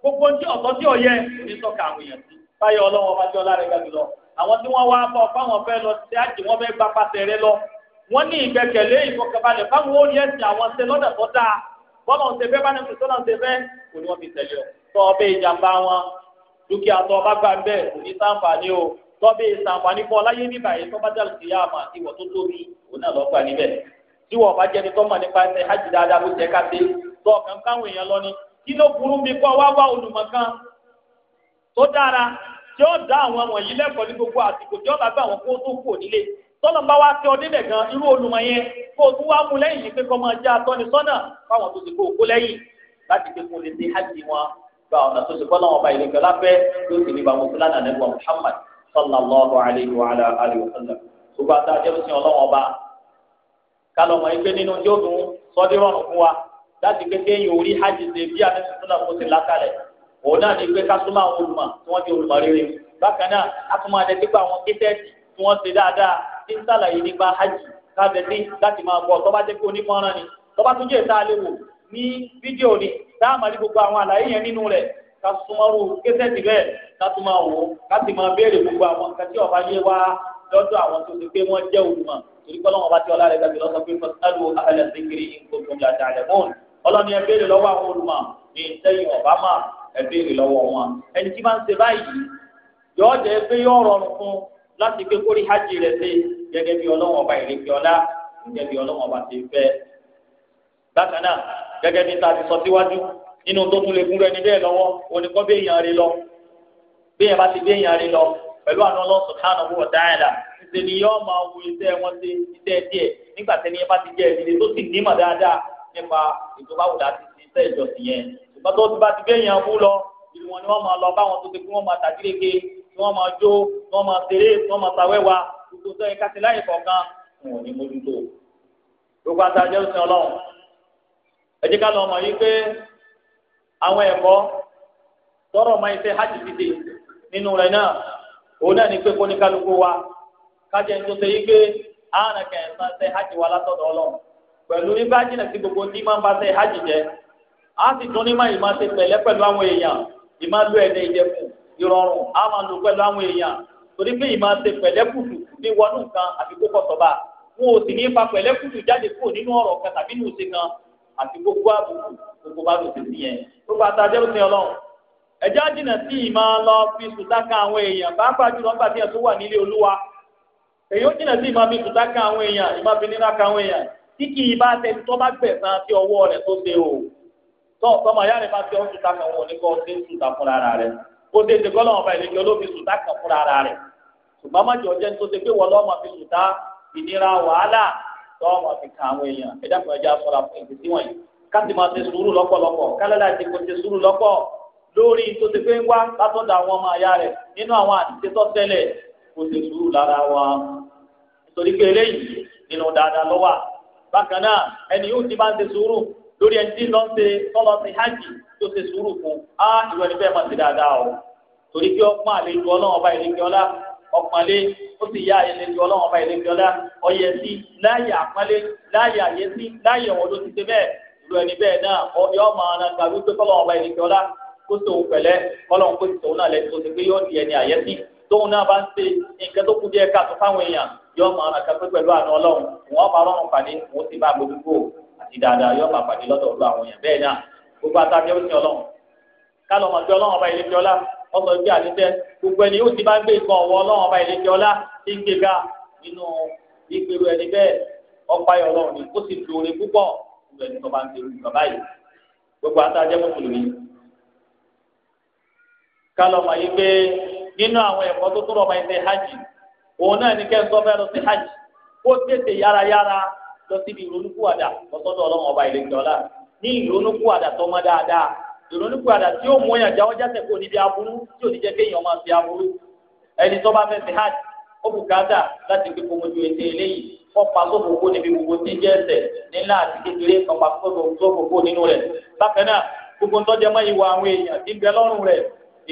fáwọn lọ sí lọ ní fáwọn ó bọ́lọ̀ ń tẹ̀fẹ́ bánà sọ́lá ń tẹ̀fẹ́ kò ní wọ́n fi tẹ̀lé ọ. tọ́ ọbẹ̀ ìjàmbá wọn dúkìá tọ́ ọba gbà bẹ́ẹ̀ kò ní sàǹfààní o tọ́bẹ̀ sàǹfààní fún ọ láyé níbà yìí tọ́ bá dà sí yá àmà ìwọ̀ tó tóbi òun náà lọ́ọ́ gbà níbẹ̀. tí wọ́n bá jẹ́ ni tọ́mọ̀ nípa ẹsẹ̀ hajj dáadáa bó jẹ́ káṣe tọ́ ọ̀kan káwọn èèyàn lọ ni kí ló burú mi kọ́ wá wá olùmọ̀ kan tó dára tí ó dá àwọn wọ̀nyí lẹ́kọ̀ọ́ ní gbogbo àsìkò tí ó bá gbà wọn kó tó kù tọ́lọ́mbà wa tẹ ọdún nìkan irú olùmọ̀ yẹn kó o tún wá mú lẹ́yìn yìí pé kọ́ máa jẹ́ atọ́ni sọ́nà fáwọn tó ti kó o kó lẹ́yìn láti pé kó o lè dé hajj wọn gba ọ̀nà tó ti kọ́lọ́wọ́n ọba ìlẹ̀kẹ́ láfẹ́ yóò sì ní bá wọn fúlànà nígbà Muhammad sallallahu alayhi wa alayhi wa sallam gbogbo àti àjẹsìn ọlọ́wọ́n ọba kálọ̀mọ̀ yìí pé nínú yóò dùn sọ́dírọ̀rùn fún wa láti pé kéèyàn orí hajj ṣe bí àtẹ̀sìn sọ́nà kó ti lákàlẹ̀ òun náà ni tí ń sàlàyé nípa hajj kábẹ ní láti máa bọ̀ tọba jẹ pé onímọ̀ràn ni tọba tún jẹ tá a lè ní fídíò ni tá a máa rí gbogbo àwọn àlàyé yẹn nínú rẹ̀ ká súnmọ́rù kéṣẹ́ ti bẹ́ẹ̀ ká tún máa wò ká sì máa béèrè gbogbo àwọn nǹkan tí ọba yé wá lọ́dọ̀ àwọn tó ti pé wọ́n jẹ́ olùmọ̀ torí pé ọlọ́wọ́n bá ti ọlá rẹ̀ gbàgbé lọ́sọ pé fasalu ahla zikri in kuntum la ta'lamun ọlọ́ni ẹ béèrè lọ́wọ́ àwọn olùmọ̀ fún láti gbé kórì hajj rẹ̀ ṣe gẹ́gẹ́ bí ọlọ́wọ́n ọba ìrèké ọlá gẹ́gẹ́ bí ọlọ́wọ́n ọba ti fẹ́. bákan náà gẹ́gẹ́ bí ta ti sọ síwájú nínú tó tún lè gún rẹ ní bẹ́ẹ̀ lọ́wọ́ oníkọ́ bí èèyàn rí lọ bí èèyàn bá ti bí èèyàn rí lọ pẹ̀lú àwọn ọlọ́sùn subhanahu wa ta'ala ṣe ni yọ́ máa wo iṣẹ́ wọn ṣe iṣẹ́ díẹ̀ nígbà tẹ́ni yẹn bá ti jẹ́ ìdílé tó sì nímọ̀ dáadáa nípa ìjọba àwòdà ti ti iṣẹ́ ìjọsìn yẹn ṣùgbọ́n tó ti bá ti bí èèyàn kú lọ ìlú wọn ni wọ́n máa lọ báwọn tó ti kú wọn máa tàgírege kí wọ́n máa jó kí wọ́n máa ṣeré kí wọ́n máa ṣàwẹ́wà gbogbo tó yẹ káṣí láyè kọ̀ọ̀kan wọn ò ní mójútó gbogbo àtàjẹ́ òsìn ọlọ́run ẹ ká lọ yìí pé àwọn ẹ̀kọ́ tọrọ ọmọ iṣẹ́ hajj dìde nínú rẹ̀ náà òun náà ní pé kó ní kálukú wa kájẹ́ tó ṣe yìí pé àánà kẹ̀sán ṣe hajj wa látọ̀dọ̀ ọlọ́run pẹ̀lú nígbà jìnnà sí gbogbo tí máa ń bá ṣe hajj jẹ́ a sì tún ní máa ìmáa ṣe pẹ̀lẹ́ àwọn èèyàn ìmáa lo ẹ̀dẹ̀ ìjẹkùn ìrọ̀rùn á máa lò pẹ̀lú àwọn èèyàn torí pé ìmọ̀ ṣe pẹ̀lẹ́kùtù ní wọnú nǹkan àfi kó kọ̀sọ̀ba wọn ò sì ní fa pẹ̀lẹ́kùtù jáde kúrò nínú ọ̀rọ̀ kan tàbí nínú ṣe kan àti gbogbo àbùkù gbogbo bá lò sí sí yẹn gbogbo àtàjẹ́ ló ti yàn lọ́hùn. ẹ̀jẹ̀ àjìnà sí ìmọ̀ lọ fi sùtákà àwọn èèyàn pàápàá jùlọ nígbà tí ẹ̀ tó wà nílé olúwa èyí ó jìnà sí ìmọ̀ fi sùtákà àwọn èèyàn ìmọ̀ fi nínú aka àwọn èèyàn tí kì í bá tẹ tó bá gbẹ̀sán sí ọwọ́ rẹ̀ tó ṣe o tó ọ̀pọ̀ màyá rẹ̀ bá ti ọ́ sùtákà wọn ò ní kọ́ ọ́ sí sùtà fúnra rẹ̀ ó tètè kọ́ lọ́wọ́ báyìí lẹ́jọ́ ló fi sùtá kan fúnra ara rẹ̀ ṣùgbọ́n má jọ jẹ́ tó ṣe pé wọ́n lọ́ọ́ máa fi sùtá ìnira wàhálà lọ́ọ́ máa fi kan àwọn èèyàn ẹ̀dá kan ẹja sọ́ra fún ìdísí wọ̀nyí káàtì máa ṣe sùúrù lọ́pọ̀lọpọ̀ kálẹ́lá ti kò ṣe sùúrù lọ́pọ̀ lórí tó ṣe pé ń wá látọ̀dọ̀ àwọn ọmọ àyà rẹ̀ nínú àwọn àtìṣe tẹ́lẹ̀ kò ṣe sùúrù lára wa nítorí pé eléyìí nínú dáadáa lọ́wà bákan náà ẹni yóò ti bá ṣe sùúrù lórí ẹni tí lọ ń ṣe tọ́lọ sí hajj tó ṣe sùúrù fún á ìwọ ni bẹ́ẹ̀ máa ṣe dáadáa o torí kí ọpọ́n àlejò ọlọ́run ọba ìlẹ́kẹ́ ọlá ọpọ́nlé ó sì yá àlejò ọlọ́run ọba ìlẹ́kẹ́ ọlá ọyẹ sí láyé àpọ́nlé láyé àyè sí láyé ọ̀wọ́ ló ti ṣe bẹ́ẹ̀ ìlú ẹni bẹ́ẹ̀ náà yọ máa ń gbà wípé kọ́lọ́run ọba ìlẹ́kẹ́ ọlá kó tòun pẹ̀lẹ́ kọ́lọ́run kó tòun náà lẹ́sìn tó ti pé yóò di ẹni àyè sí tóun náà bá ń ṣe nǹkan tó kú díẹ̀ káàtó fáwọn èèyàn yọ máa ń kàpé pẹ̀lú àná ọlọ́run wọn máa rọrùn pàdé òun sì máa gbogbo àti dáadáa yóò máa pàdé lọ́dọ̀ olú àwọn èèyàn bẹ́ẹ̀ náà gbogbo àtàkì ó sin ọlọ́run kálọ̀ mọ̀ ọlọ́run ọba ọlá ọsọ ìgbé àlejẹ gbogbo ẹni yóò ti bá gbé nǹkan ọ̀wọ́ ọlọ́run ọba ìlẹ́jọ́ ọlá tí ń nínú ẹni bẹ́ẹ̀ ọ̀pá ọlọ́run ni ó sì púpọ̀ gbogbo ẹni tó bá ń gbèrú lọ síbi ìrònúkúwàdà lọ́sọ́dọ̀ ọlọ́run ọba ìlẹ̀kẹ̀ ọ̀la ní ìrònúkúwàdà tó mọ́ dáadáa ìrònúkúwàdà tí ó mú èèyàn jáwọ́ jáde kó níbi aburú tí ò ní jẹ́ kéèyàn máa fi aburú ẹni tó bá fẹ́ fi hajj ó bùkátà láti gbé gbogbo ju ètè eléyìí wọ́n pa sófòfó níbi gbogbo tí jẹ́ ẹsẹ̀ nílá àti kékeré kan pa sófòfó nínú rẹ̀ bákan náà gbogbo ńtọ́jẹ́ mọ́ ìwà àwọn èèyàn tí ń bẹ lọ́rùn rẹ̀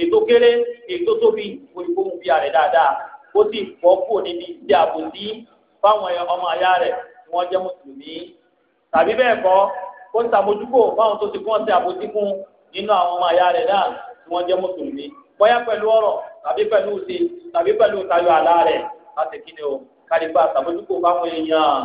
ètò kéré ètò tóbi olùkóhùn bíi àrẹ dáadáa ó sì fọ́ kúrò níbi ìdí àbòsí fáwọn ọmọ àyá rẹ̀ wọn jẹ́ mùsùlùmí tàbí bẹ́ẹ̀ kọ́ kó ń sàmójúkò fáwọn tó ti kọ́ ṣe àbójúkún nínú àwọn ọmọ àyà rẹ̀ náà tí wọ́n jẹ́ mùsùlùmí bóyá pẹ̀lú ọ̀rọ̀ tàbí pẹ̀lú ṣe tàbí pẹ̀lú tayọ àlá rẹ̀ láti kí ni o kálífà sàmójúkò fáwọn èèyàn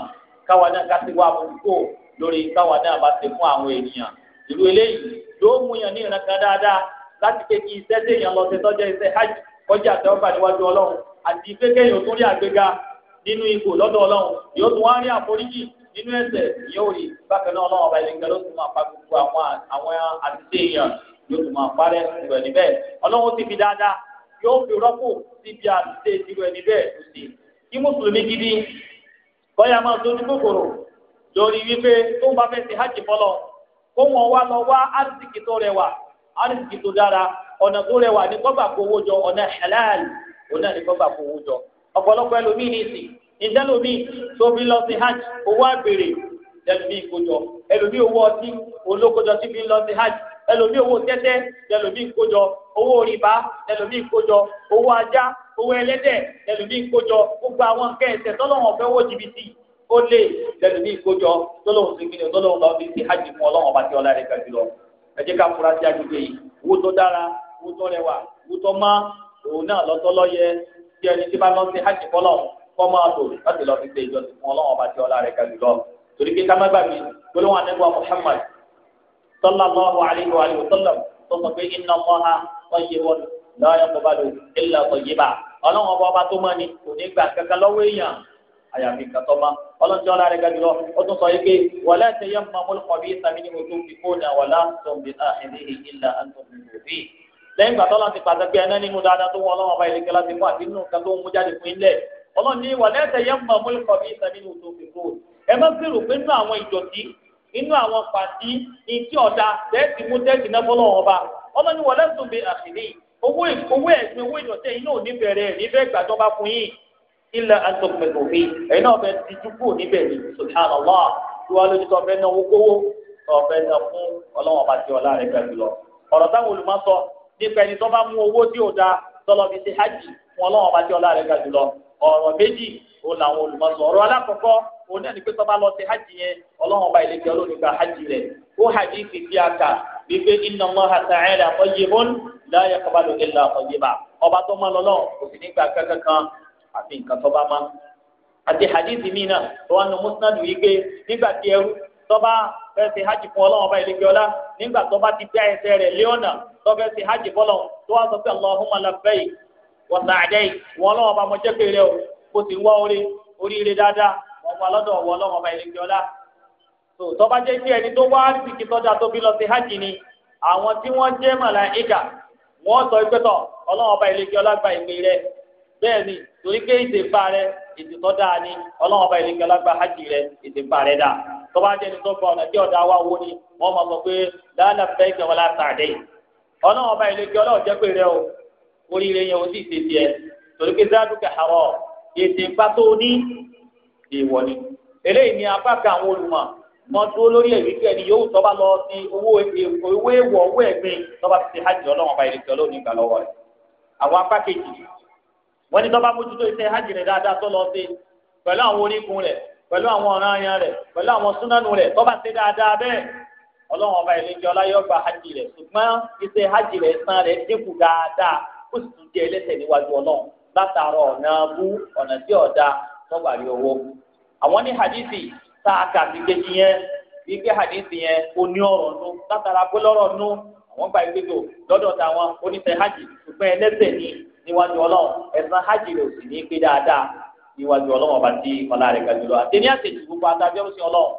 káwa náà ká sí wá àbójúkò lórí káwa náà bá ṣe fún àwọn èèyàn ìlú eléyìí yóò mú yàn ní ìran kan dáadáa láti pé kí iṣẹ́ téèyàn lọ ṣe tọ́jú iṣẹ́ hajj kọjá àtẹ́wọ́gbà níwájú ọlọ́run àti pé kéèyàn tó rí àgbéga nínú ipò lọ́dọ̀ ọlọ́run yóò tún wá rí àforíjì nínú ẹ̀ṣẹ̀ yóò rí bákan náà ọlọ́run ọba ìlẹ̀kẹ́ ló tún máa pa gbogbo àwọn àwọn àtúnṣe èèyàn yóò tún máa parẹ́ ìrù ẹ̀ níbẹ̀ ọlọ́run ti fi dáadáa yóò fi rọ́pò síbi àtúnṣe ìrù ẹ̀ níbẹ̀ tó ṣe kí mùsùlùmí gidi bọ́yá máa dojú kòkòrò lórí wípé tó ń bá fẹ́ ṣe hajj fọlọ́ kó wọn wá lọ wá àrísìkì tó rẹwà àrísìkì tó dára ọ̀nà tó rẹwà ní kọ́gbà halal ọ̀nà ní kọ́gbà kówó ọ̀pọ̀lọpọ̀ ẹlòmíì ní ìsìn ìdẹ́lòmíì tó fi lọ sí hajj owó àgbèrè ẹlòmíì kójọ ẹlòmíì owó ọtí olókójọ tí fi lọ sí hajj ẹlòmíì owó tẹ́tẹ́ ẹlòmíì kójọ owó rìbá ẹlòmíì kójọ owó ajá owó ẹlẹ́dẹ̀ ẹlòmíì kójọ gbogbo àwọn nǹkan ẹ̀ṣẹ̀ tọ́lọ́wọ̀n fẹ́ wó jìbìtì ó lè ẹlòmíì kójọ tọ́lọ́wọ̀n sí kíni tọ́lọ́wọ̀n lọ́ọ́ fi sí hajj fún ọlọ́wọ̀n bá ti jẹ́ ẹni tí bá lọ sí hajj fọlọ́ kọ́ máa lò láti lọ sí ṣe ìjọsìn fún ọlọ́run ọba tí ọlá rẹ̀ ga jùlọ torí pé kámẹ́ gbàgbé gbólóhùn anẹ́gbà Muhammad sallallahu alayhi wa sallam tó sọ pé inna Allaha tayyibun la yaqbalu illa tayyiba ọlọ́run ọba ọba tó mọ́ ni kò ní gbà kankan lọ́wọ́ èèyàn àyàfi nǹkan tó ma ọlọ́njọ́ la rẹ̀ gàdúrà ó tún sọ yìí pé wọlé ẹsẹ̀ yẹn mọ̀ mọ́lùkọ́ bí sàmínú ojú fi lẹ́yìn gbàtọ láti pàṣẹ pé ẹnẹ nínú dáadáa tó wọ Ọlọ́run ọba ìlẹkẹ láti fún àti nínú nǹkan tó ń mú jáde fún ilẹ̀ Ọlọ́run ní wàlẹ ẹsẹ yẹn mọ múlùkọ bí ìsẹmí ní òtò fìfò ẹ má gbèrò pé nínú àwọn ìdọ̀tí nínú àwọn pàtí ìtí ọ̀dà tẹ́ẹ̀tì mú tẹ́ẹ̀tì náà fọlọ́run ọba Ọlọ́run ní wàlẹ ẹsùn bí àṣírí owó ẹ̀sìn owó ìdọ̀tí ẹ̀yin náà níbẹ̀rẹ̀ ní subhanallah tí wàá lójú tó fẹ́ náwó kówó tó fẹ́ náà fún Ọlọ́run ọba tí ọlá ọ̀rọ̀ táwọn olùmọ̀ sọ nípa ẹni tó bá mú owó tí ò da tọlọ fi ṣe hajj fún ọlọ́wọ́n bá tí ọlá rẹ̀ ga jùlọ ọ̀rọ̀ méjì ó làwọn olùmọ̀sọ ọ̀rọ̀ alákọ̀ọ́kọ́ òun náà ní pé tó bá lọ ṣe hajj yẹn ọlọ́wọ́n bá ìlẹ́kẹ̀ olóòrùn gba hajj rẹ̀ ó hajj fi fi àkà wípé inna Allaha ta'ala tayyibun la yaqbalu illa tayyiba ọba tó máa lọ́lọ́ kò sì ní gba kankan àfi bá máa. tó wà nù musnadu yìí nígbà tí ẹrú tọ́fẹ́ sí hajj bọ́lọ̀ tó wá sọ pé Allahumma labbaik wa sa'daik wọn lọ́wọ́ bá mọ jẹ́ péré o kó sì ń wá orí oríire dáadáa wọn wà lọ́dọ̀ wọn lọ́wọ́ bá ìrìnkì ọlá. tó tọ́ba jẹ́ sí ẹni tó wá rìsìkì tọ́jà tó fi lọ sí hajj ni àwọn tí wọ́n jẹ́ màláíkà wọ́n sọ pé tọ̀ ọlọ́wọ́ bá ìrìnkì ọlá gba ìpè ni torí pé ìdèpá rẹ ìdìtọ́ dáa ni ọlọ́wọ́ bá ìrìnkì ọlá gba hajj rẹ ìdèpá rẹ dáa tọ́ba jẹ́ ni tó gba ọ̀nà tí ọ̀dà wa wo ni wọ́n mọ̀ sọ pé la labbaik wa la ọlọ́run ọba ìlẹ́kẹ́ ọlọ́run jẹ́ pé rẹ o oríire yẹn o sì ṣe tiẹ̀ torí pé zádùkẹ́ àwọ̀ ètè ńpá tó ní èèwọ̀ ni eléyìí ni apá kan àwọn olùmọ̀ wọn dúró lórí ẹ̀rí pé ẹni yòówù tọ́ba lọ sí owó ewé wọ̀ owó ẹ̀gbin tọ́ba ti ṣe hajj ọlọ́run ọba ìlẹ́kẹ́ ọlọ́run nígbà lọ́wọ́ rẹ̀ àwọn apá kejì wọ́n ní tọ́ba mójútó iṣẹ́ hajj rẹ̀ dáadáa tó lọ sí pẹ̀lú àwọn orígun rẹ̀ pẹ̀lú àwọn ọ̀ràn ayan rẹ̀ pẹ̀lú àwọn súnánù rẹ̀ tọ́ba ṣe dáadáa bẹ́ẹ̀ ọlọ́run ọba ìlú ìjọ láyọ̀ gba hajj rẹ̀ ṣùgbọ́n iṣẹ́ hajj rẹ̀ san rẹ̀ dínkù dáadáa ó sì tún jẹ́ ẹlẹ́sẹ̀ níwájú ọlọ́run látàrọ ọ̀nà bú ọ̀nà tí ọ̀dà lọ́gbà rí owó. àwọn ní hadithi tá a kà sí kejì yẹn wípé hadithi yẹn ó ní ọ̀rọ̀ nú látara pé lọ́rọ̀ nú àwọn gba ìgbégo lọ́dọ̀ táwọn oníṣẹ́ hajj ṣùgbọ́n ẹlẹ́sẹ̀ ní níwájú ọlọ́run ẹ̀san hajj rẹ̀ ò sì ní pé dáadáa níwájú ọlọ́run ọba tí ọlá rẹ̀ gàdúrà ọlọ́run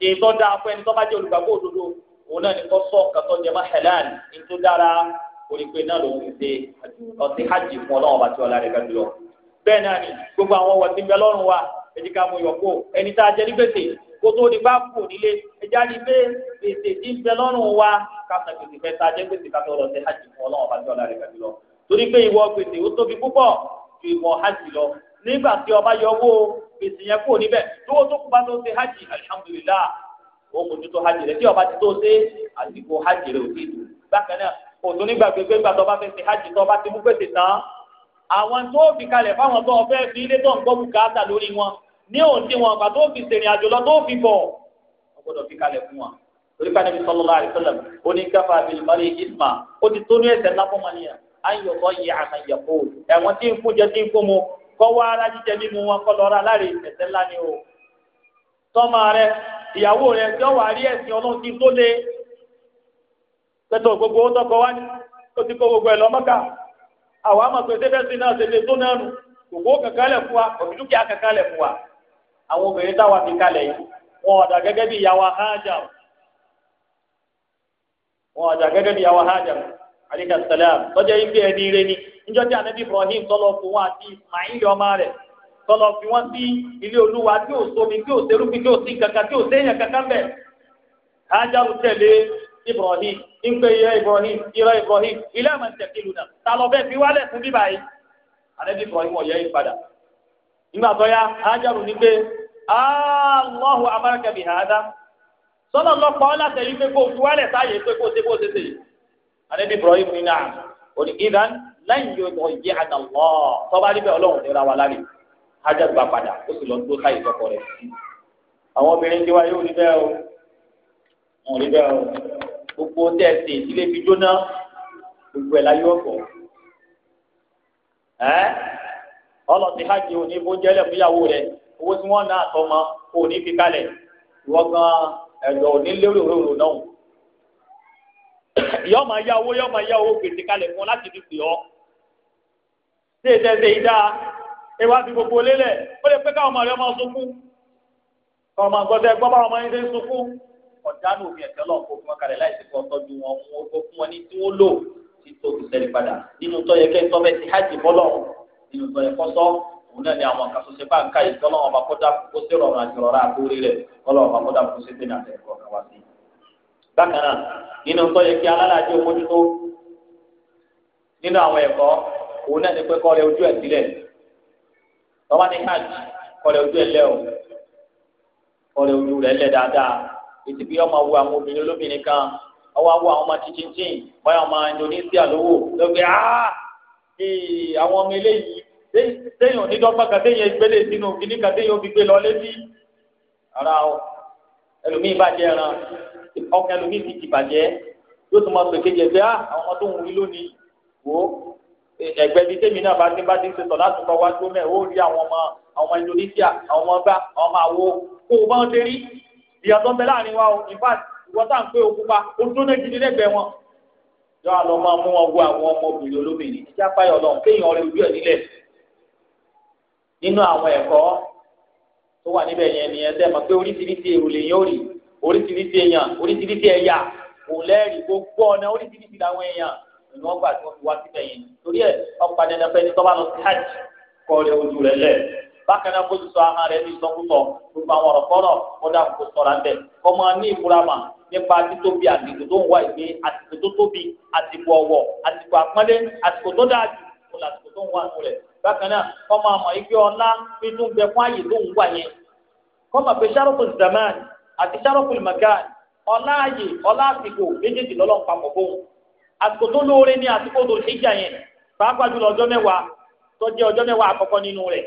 èyí tó dáa fún ẹni tó bá jẹ́ olùgbàgbọ́ òdodo òun náà ní kó sọ nǹkan tó jẹ mọ́ halal ní tó dára onípe náà lòun ṣe ọtí hajj fún ọlọ́run bá ti ọ̀la rẹ̀ gàdúrà bẹ́ẹ̀ náà ni gbogbo àwọn wọ̀tí ń bẹ lọ́rùn wa ẹ̀jẹ̀ ká mú yọ̀kó ẹni tá a jẹ ní gbèsè kó tó di bá kù nílé ẹ̀jẹ̀ á di pé gbèsè tí ń bẹ lọ́rùn wa káfíńtà gbèsè fẹ́ tá a jẹ gbèsè ká tó lọ sí hajj fún ọlọ́run bá ti ọ̀la rẹ̀ gàdúrà torí pé ìwọ gbèsè ó tóbi púpọ̀ gbèsè yẹn kúrò níbẹ̀ lówó tó kú bá tó ṣe hajj alihamudulilayi o kò tó tó hajj rẹ tí ọba ti tó ṣe àsìkò hajj rẹ ò ti tó bákan náà kò tó nígbà gbégbé gbà tó bá fẹ́ ṣe hajj tó bá ti mú gbèsè tán àwọn tó fi kalẹ̀ fáwọn tó fẹ́ fi ilé tó ń gbọ́ bùkátà lórí wọn ní òǹtí wọn gbà tó fi ṣèrìn àjò lọ tó fi bọ̀ wọn gbọ́dọ̀ fi kalẹ̀ fún wọn torípa níbi sallallahu alaihi wasallam oníkàfà abilmọ́lẹ̀ isma ó ti tó ní ẹ̀sẹ̀ ńlá fún wọn nìyẹn ayọ̀kọ́ yẹ àmàyẹ̀kọ́ ẹ̀wọ̀n tí ń fún jẹ tí ń fún mu kọ́ ara jíjẹ mímu wọn kọ́ lọ́ra láre ẹ̀sẹ̀ ńlá ni o tọ́mọ rẹ ìyàwó rẹ tí ó wà rí ẹ̀sìn ti tó lé pẹ̀tọ̀ gbogbo ó tọkọ wá ní ó ti kó gbogbo lọ mọ́kà àwọn àmọ̀ pé sẹ́fẹ̀sì náà ṣe lè tó náà nù gbogbo kankan fún wa òbí wa àwọn obìnrin táwa fi yìí wọn bí aleyhi salam tọ́jọ́ ife ẹni ire ni níjọ́ tí anabi ibrahim tọ́lọ̀ fún wọn àti ismail ọmọ rẹ̀ fi sí ilé olúwa tí ò sómi tí ò tí ò sí kankan tí ò kankan ibrahim ìyá ibrahim ibrahim ilé ta fi fún yìí anabi ibrahim yìí padà. nígbà tó yá bi pé kó fi pé kó anabi ibrahim ní náà òní idan lẹ́yìn yóò tó yé àná lọ tọba níbẹ Ọlọ́run ní ra wa lálẹ́ ajá gba padà ó sì lọ dúró káyé tọkọ rẹ̀ àwọn obìnrin tí wa yóò rí bẹ́ẹ̀ o wọn rí bẹ́ẹ̀ o gbogbo tẹ̀sí ìdílé fi jóná gbogbo ẹ̀ la yóò fọ̀ ẹ́ ọlọ́ọ̀tì hajj òní bó jẹ́lẹ̀ fúyàwó rẹ̀ owó tí wọ́n ná àtọmọ òní fi kalẹ̀ ìwọ gan ẹ̀dọ̀ òní lérò òróró náà. yọọ máa yá owó yọọ máa yá owó gbèsè kalẹ̀ fún ọ láti fi pè ọ́ ṣé ẹ tẹ̀sẹ̀ yìí dáa ẹ wá fi gbogbo lélẹ̀ ó lè pẹ́ káwọn ọmọ rẹ ọmọ sunkún káwọn ọmọ gbọ́dọ̀ ẹgbọ́n báwọn ọmọ yín ṣe ń sunkún ọ̀dánù òfin ẹ̀tẹ́ lọ́n kó fún wọn kalẹ̀ láì sí fún ọtọ́jú wọn mú ó fún wọn ní tí wọ́n lò tí tó fi sẹ́ni padà nínú tó yẹ kẹ́ńtọ́ bẹ́ẹ̀ ti hajj bọ́lọ̀ nínú tó yẹ kọ́sọ́ òun náà ni àwọn kan ṣoṣe bá ń ká ìtọ́lọ́wọ́n bá kó dá kó sí rọrùn àti rọra àkórí rẹ̀ bákan náà nínú tó yẹ kí alálàájì mójútó nínú àwọn ẹ̀kọ́ òun náà ní pé kọ́ rẹ ojú ẹ̀ sílẹ̀ tọ́wá ní hajj kọ́ rẹ ojú ẹ̀ lẹ́ o kọ́ rẹ ojú rẹ̀ lẹ̀ dáadáa ètò bí ọmọ wo àwọn obìnrin olóbìnrin kan ọwọ́ awọ àwọn ọmọ títí báyọ̀ ọmọ Indonesia lówó lọ́gbẹ́ áá àwọn ọmọ eléyìí téèyàn onídọ́gba kàtéyìn ẹgbẹ́lẹ̀ sínú kìnnìkàtéyìn òbí gbé lọ létí ara o ẹlòmíì bàjẹ́ ẹran ọkàn ẹlòmíì ti ti bàjẹ́ yóò tún máa pèkejì ẹgbẹ́ ah, àwọn ọmọ tó ń wí lónìí wò ó ẹgbẹ́ bíi tèmi náà bá ti bá ti ṣe sọ láti kọ́ wájú mẹ́ ó rí àwọn ọmọ àwọn ọmọ Indonesia àwọn ọmọ bá àwọn ọmọ àwo kó o bá ń tẹ́rí ìyàtọ̀ ń bẹ láàrin wa o in fact wọ́n tá à ń pé okun pa o dún náà gidi lẹ́gbẹ̀ẹ́ wọn. yọ àlọ́ máa mú wọn wo àwọn ọmọbìnrin olóbìnrin ìjà páyọ̀ lọ kéèyàn rí ojú ẹ̀ nílẹ̀ nínú àwọn ẹ̀kọ́ tó wà níbẹ̀ yẹn nìyẹn tẹ́ mọ̀ pé oríṣiríṣi èrò lèyàn ò rí oríṣiríṣi èèyàn oríṣiríṣi ẹ̀yà kò lẹ́rìí gbogbo ọ̀nà oríṣiríṣi làwọn èèyàn ìlú ọgbà tí wọ́n fi wá síbẹ̀ yẹn torí ẹ̀ ọ̀pá dandan fẹ́ni tó bá lọ sí hajj kọ́ rẹ̀ ojú rẹ̀ lẹ̀ bákan náà kó sọ ahọ́n rẹ̀ ní ìsọkúsọ gbogbo àwọn ọ̀rọ̀ kọ́rọ̀ kó dà kó sọ̀rọ̀ àbẹ̀ kọ́ máa ní ìfura mà nípa títóbi àsìkò tó ń wá ìgbé àsìkò tó tóbi àsìkò ọ̀wọ̀ àsìkò àpọ́nlé àsìkò tó dáa jù kó làsìkò tó ń wá nù bákan náà kọ́ máa mọ̀ ike ọlá nínú bẹ fún ààyè tó ń wà yẹn kọ́ máa pe sharaful zaman àti sharaful makan ọlá ààyè ọlá àsìkò méjèèjì lọ́lọ́ papọ̀ fún un àsìkò tó lóore ní àsìkò tó ṣèjà yẹn pàápàá jùlọ ọjọ́ mẹ́wàá tó jẹ́ ọjọ́ mẹ́wàá àkọ́kọ́ nínú rẹ̀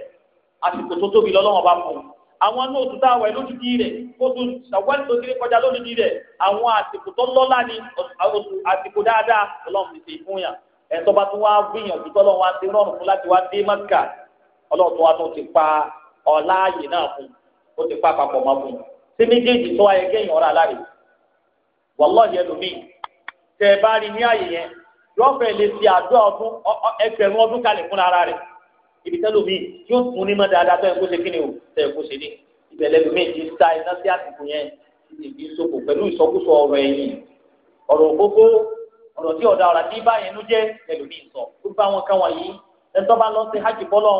àsìkò tó tóbi lọ́lọ́wọ́ bá fún un àwọn inú oṣù tá a wà lójijì rẹ̀ oṣù ṣàwọ́n tó kéré kọjá lójijì rẹ̀ àwọn àsìkò tó lọ́lá ni àsìkò dáadáa ọlọ́run ti fún yàn ẹ̀tọ́ bá tún wá gbìyànjú tọ́lọ́ wa ti rọrùn fún láti wá dé mọ́kà ọlọ́run tó wá tó ti pa ọ̀láàyè náà fún ó ti pa papọ̀ mọ́ fún un sí méjèèjì tó wáyé kéèyàn rà láre wàlọ́ọ̀hì ẹlòmíì tẹ́ ẹ bá rí ní àyè yẹn lọ́fẹ̀ẹ́ lè fi àdúrà ọdún ẹgbẹ̀rún ọdún kalẹ̀ fún ara rẹ̀ ibi tẹ́lòmíì yóò tún ní mọ́ dáadáa tẹ́ ẹ kó ṣe kí ni o tẹ́ ẹ kó ṣe ní ìbẹ̀lẹ̀ lómi ti ta iná sí àsìkò yẹn ti ti fi ìsọkúsọ ọ̀rọ̀ ẹ̀yìn ọ̀rọ̀ gbogbo ọ̀rọ̀ tí ọ̀dà ọ̀rà ní báyìí inú jẹ́ ẹlòmíì sọ gbogbo àwọn kan bá lọ sí hajj bọ́lọ̀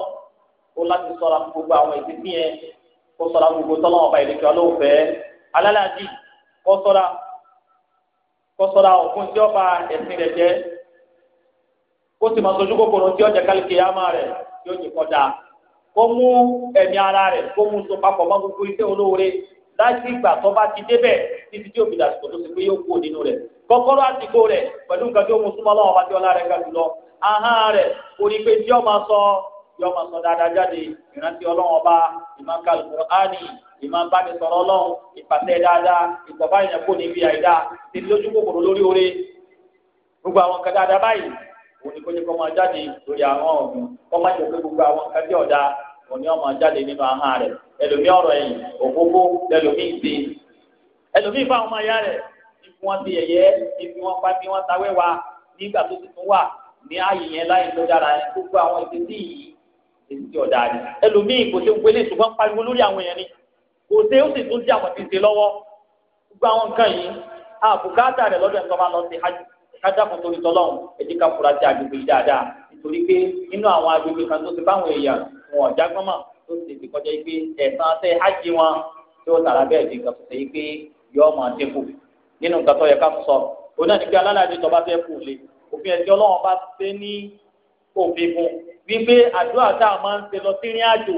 ó láti sọ̀rọ̀ gbogbo àwọn ìdílé yẹn kó sọ̀rọ̀ gbogbo tọ́lọ́ ọba ìdíkẹ́ ọlọ́ọ̀fẹ́ alálàájì kó sọ̀rọ̀ òkun tí ọba ẹ̀sìn rẹ̀ jẹ́ kó sì máa sojú kòkòrò tí ọjà kálíkì yàmà rẹ̀ kọjá kó mú ẹ̀mí ara rẹ̀ kó mú papọ̀ mọ́ gbogbo iṣẹ́ olóore láti ìgbà tó kọ́kọ́rọ́ àsìkò rẹ̀ pẹ̀lú nǹkan tí ó mú súnmọ́ lọ́wọ́ àti ọlá rẹ̀ ga jùlọ ahọ́n rẹ̀ kò ní pé tí ọmọ sọ yọ máa sọ dáadáa jáde ìrántí ọlọ́run ọba ìmọ̀ǹkà lùkùránì ìmọ̀ǹbánisọ̀rọ̀ ọlọ́run ìpàṣẹ dáadáa ìtọ́ba ìyẹn kò ní bí àìdá ti lójú kòkòrò lórí oore gbogbo àwọn nǹkan dáadáa báyìí òun ni kò ní kó máa jáde lórí àwọn ọ̀gbìn kó má jẹ́ pé gbogbo àwọn nǹkan tí ọ̀dà òun ni wọ́n máa jáde nínú ahọ́n rẹ̀ ẹlòmí ọ̀rọ̀ ẹ̀yìn òfófó lẹ́lòmí ìsìn ẹlòmí ìfáwọn ọmọ ayá rẹ̀ ìfi wọn ti yẹ̀yẹ́ ìfi wọn pa bí wọn tawẹ́ wa nígbà tó ti tún wà ní ààyè yẹn láyé tó dára yẹn gbogbo àwọn ìdílé yìí èyí tí ọ̀dà ni ẹlòmíì kò ṣe wọlé ṣùgbọ́n pariwo lórí àwọn èèyàn ni kò ṣe ó sì tún sí àwọn tìṣe lọ́wọ́ gbogbo àwọn nǹkan yìí àbùkátà rẹ̀ lọ́dọ̀ ẹ̀ńtọ́ máa lọ sí kájàkùn torí tọ́lọ́hún ẹ̀jẹ̀ ká fura sí agbègbè yìí dáadáa nítorí pé nínú àwọn agbègbè kan tó ti báwọn èèyàn wọn ọ̀já gbọ́mọ̀ tó ti ti kọjá yìí pé ẹ̀sán tẹ́ hajj wọn tí tàrà bẹ́ẹ̀ di tó ṣe yìí pé yọ nínú nǹkan tó yẹ ká sọ òun náà ní pé alálàájì tó bá fẹ́ kú lé òfin ẹ̀sìn ọlọ́run bá ṣe ní òfin fún wípé àdúrà tá a máa ń ṣe lọ sí ìrìn àjò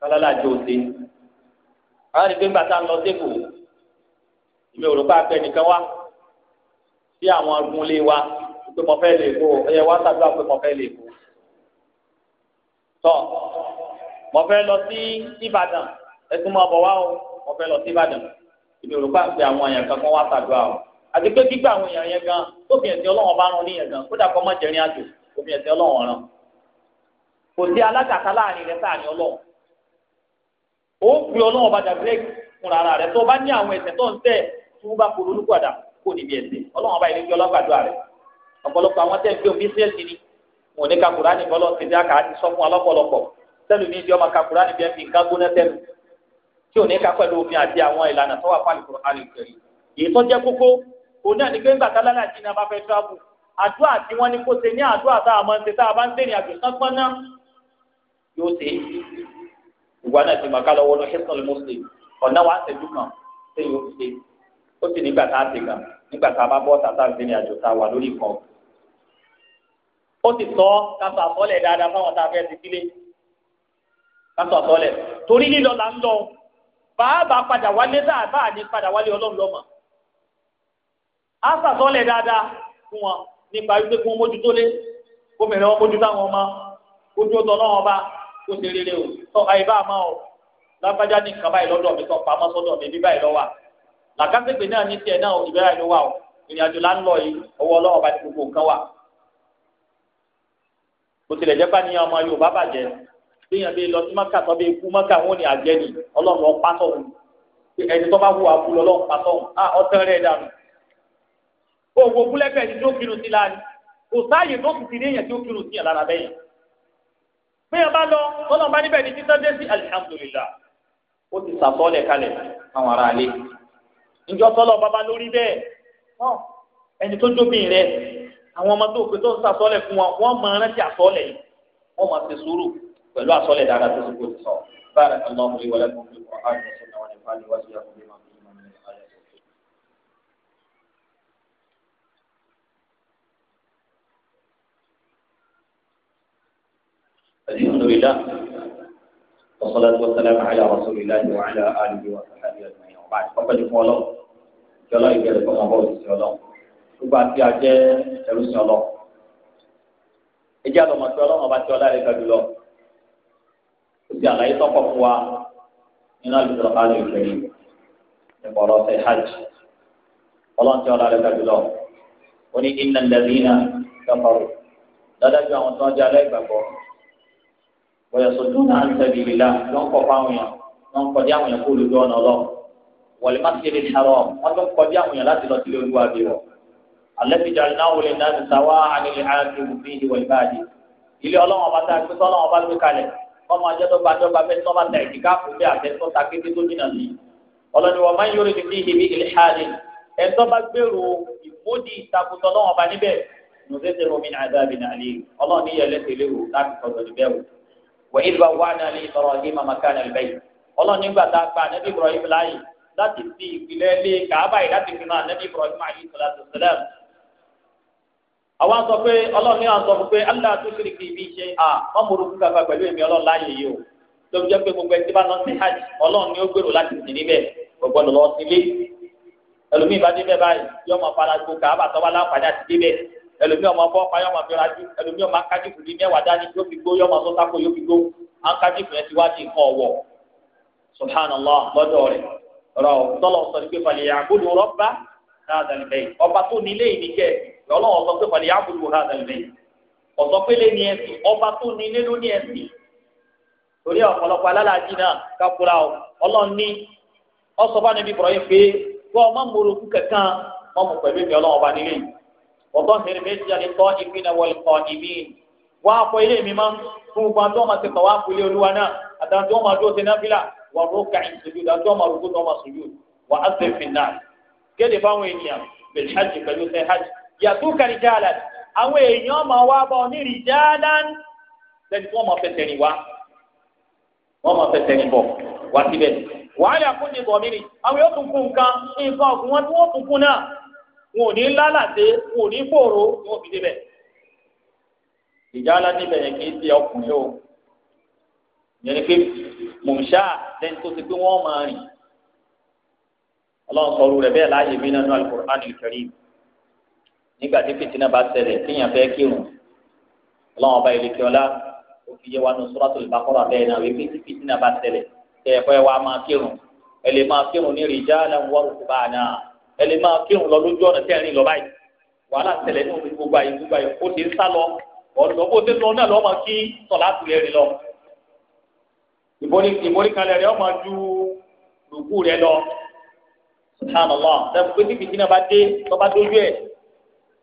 kálálàájì ò ṣe àwọn ìgbé ńgbà tá a lọ sí kù ìmọ̀ òrùka pẹ́ nìkan wá sí àwọn agunlé wa pé mo fẹ́ lè kó ẹyẹ wá sàdúrà pé mo fẹ́ lè kó tọ́ mo fẹ́ lọ sí Ìbàdàn ẹ̀sùn mọ́ ọ̀bọ̀ wá o mo fẹ́ lọ sí Ìbàdàn èmi rò pàṣẹ àwọn èèyàn kan kan wá ṣàdúrà o àti pé gbígbà àwọn èèyàn yẹn gan tóbi ẹ̀sìn ọlọ́wọ́n bá rán níyẹn gan kódà kọ́ mọ́ jẹrin àjò tóbi ẹ̀sìn ọlọ́wọ́n rán kò sí alágàtà láàrin rẹ sáà ní ọlọ́wọ́n ó fi ọlọ́wọ́n bá dà bírèkì fúnra ara rẹ tó o bá ní àwọn ẹ̀ṣẹ̀ tó ń tẹ̀ tí wọ́n bá polú olúkúàdà kó níbi ẹ̀ṣẹ̀ ọlọ́wọ́n bá ilé fi ọlọ́gbàdúrà rẹ ọ̀pọ̀lọpọ̀ àwọn tẹ̀ ń gbé omi sílẹ̀ ni wọn ò ní kakura ní bọ́lọ́ ti dá kàá ti sọ fún ọlọ́pọ̀lọpọ̀ sẹ́lùmí ìdí ọmọ kakura níbi ẹ̀ fi nǹkan gbóná sẹ́nu tí ò ní ká pẹ̀lú òfin àti àwọn ìlànà tó wà fún Al-Qur'an Al-Karim èyí tó jẹ́ kókó òun náà ni pé ńgbà tálálà jí ni a bá fẹ́ travel àdúrà tí wọ́n ní kó ṣe ní àdúrà tá a máa ń ṣe tá a bá ń tẹ̀lé àjò sánpọ́n náà yóò ṣe é ìwà náà ti màkà lọ́wọ́ lọ ṣẹ́sán ló ṣe ọ̀nà wa ṣẹ́jú kan ṣé yóò ṣe ó sì nígbà tá a ṣe gan nígbà tá a bá bọ́ tàtà ń tẹ̀lé àjò tá a wà lórí kan ó sì sọ kásọ àsọlẹ̀ dáadáa fáwọn tá a fẹ́ ti sílé kásọ àsọlẹ̀ torí lílọ là ń lọ bàbá padà wálé dáàbà ní padà wálé ọlọ́run lọ́mọ. a sàtọ́lẹ̀ dáadáa fún wọn nípa wípé kí wọ́n mójútó lé kó mẹ̀rẹ̀ wọn mójútó àwọn ọmọ ojú ọ̀tọ̀ náà wọn bá kó ṣe rere o tọ àyíbá àmọ́ o lágbájá ní nǹkan báyìí lọ́dọ̀ mi tọ pamọ́ sọ́dọ̀ mi bí báyìí lọ́wà làkàtúntì náà ní tiẹ̀ náà ìbẹ́rẹ́ àìlówà o ìrìn àjò láńlọ yìí ọwọ́ ọlọ́wọ́ bá ti gbogbo nǹkan wà bó tilẹ̀ jẹ́ pàníyàn ọmọ Yorùbá bàjẹ́ bíyàn bíi lọ sí maka tó bíi kú maka wọn ni àjẹ ni ọlọ́run ọ̀pá sọ̀hún ẹni tó bá wù wá kú lọ́lọ́run pa sọ̀hún á ah, ọtán rẹ̀ dànù. gbogbo kúlẹ́fẹ̀ ni tó kírun sí láàrin kò sáàyè tó kù sí ní èèyàn tó kírun sí yàn lára bẹ́yìn. bíyàn bá lọ ọlọ́run bá níbẹ̀ ni títọ́ dé sí alihamudulilá ó ti sàtọ́lẹ̀ kalẹ̀ àwọn ará ilé. ìjọ pẹ̀lú àsọlẹ̀ dára tó ti kó ti sọ báyìí kan náà mo lè wọlé fún mi kọ́ àrùn ọ̀sẹ̀ náà wọn ni fáwọn ìwádìí yà fún mi máa fi máa mi lè máa lè sọ. الحمد لله والصلاة والسلام على رسول الله وعلى آله وصحبه أجمعين وبعد فقد يقول الله جل وعلا فما هو الله gbogbo àti àjẹ ẹrú sí ọlọ ìjà lọmọ tí ọlọmọ bá tí ọlá rẹ kájú lọ ti àlàyé tọ́pọ̀ fún wa nínú àlùkò àlè ìfẹ́ yìí nípa ọ̀rọ̀ ṣe hajj ọlọ́run tí ọ̀la rẹ̀ gbàgbé lọ. ó ní iná lẹ́lẹ́nà lọ́kọ̀ọ̀rọ̀ dáadájú àwọn tó ń jẹ́ aláìgbàgbọ́ wọ́n yẹ sọ́jú náà ń tẹ̀lé ìlà lọ́n kọ́ fáwọn yẹn lọ́n kọjá àwọn yẹn kó olùdó ọ̀nà lọ. wọ̀lẹ́ má ti lè sàrọ̀ wọ́n tó kọjá àwọn yẹn láti ọmọ ajẹ́ tó gba dọ́gba fẹ́ tọ́ba ta ìdíkà fún bí àfẹ́ tó ta kété tó jìnnà sí. ọlọ́ni wọ́n máa ń yọrí ní bíi ibi ìlhàdì ẹ̀tọ́ bá gbèrò ìmúdi ìtakùtọ̀ náà ọba níbẹ̀ nùsẹ̀sẹ̀ omi àdáàbì nàlẹ́ ọlọ́ni yẹ lẹ́sẹ̀lẹ́ wò láti sọ̀rọ̀ níbẹ̀ wò. wà ìlú wa nàlẹ́ ní mamaka nàlẹ́ àwọn sọ pé ọlọ́run ní àwọn sọ pé allah tó kiri kì í bí ṣe à wọ́n mú orúkú kankan pẹ̀lú èmi ọlọ́run láàyè yìí o lóbi jẹ́ pé gbogbo ẹtí bá lọ sí hajj ọlọ́run ni ó gbèrò láti sìn níbẹ̀ gbogbo ọ̀nà lọ sílé ẹlòmíì bá débẹ̀ báyìí yọ ọmọ faragbó kàábà tọ́wọ́ láǹfààní àti débẹ̀ ẹlòmíì ọmọ bọ́ pa yọmọ fi rajú ẹlòmíì ọmọ akájìkù ní mẹ́wàá dání yóò fi gbó yọmọ tó sáko yóò fi gbó akájìkù yẹn ti wá di nǹkan ọ̀wọ̀ subhanallah lọ́dọ̀ rẹ̀ rọ tọ́lọ̀ sọ ní pé falẹ̀ àgbọ̀dọ̀ rọ́bà náà dàlẹ́ bẹ́ẹ̀ ọba tó nílé ìníkẹ́ ọlọ́run sọ pé pàdé yàgùdù ha dàlẹ́ ọ̀sọ́ pélé ni ẹ̀sìn ọba tó ní ilé ní ẹ̀sìn torí ọ̀pọ̀lọpọ̀ alálàájì náà kakura ọlọ́run ní bá kankan pẹ̀lú ọba nílé méjì àti tọ́ yàtú kàrìjàlá àwọn èèyàn máa wá bá ọ ní rìjàlá lẹ́nu tí wọ́n máa fẹsẹ̀ rìn wá wọ́n máa fẹsẹ̀ rìn bọ̀ wá síbẹ̀ wàhálà kún ní bọ̀mírì àwọn yóò tún kún nǹkan nǹkan ọ̀gùn wọn tí wọ́n tún kún náà wọn ò ní lálàdé wọn ò ní fòrò ni wọ́n fi débẹ̀ ìjàlá níbẹ̀ yẹn kì í ṣe ọkùnrin o yẹn ni pé mọ̀ṣá lẹ́ni tó ti pé wọ́n máa rìn ọlọ́run sọ̀rọ̀ rẹ̀ bẹ́ẹ̀ láàyè mí nínú Al-Qur'an Al-Karim nígbà tí fìtínà bá ṣẹlẹ̀ kéèyàn fẹ́ kírun ọlọ́run ọba ìlẹ̀kẹ́ ọlá òfin yẹ wa nù Suratul Baqara bẹ́ẹ̀ náà wípé tí fìtínà bá ṣẹlẹ̀ kẹ́ ẹ fẹ́ wa máa kírun ẹ lè máa kírun ní rijalan wa rukbana ẹ lè máa kírun lọ lójú ọ̀nà tẹ́rìn lọ báyìí wàhálà ṣẹlẹ̀ ní òfin gbogbo àyè gbogbo àyè kó ti ń sá lọ ọ̀dọ́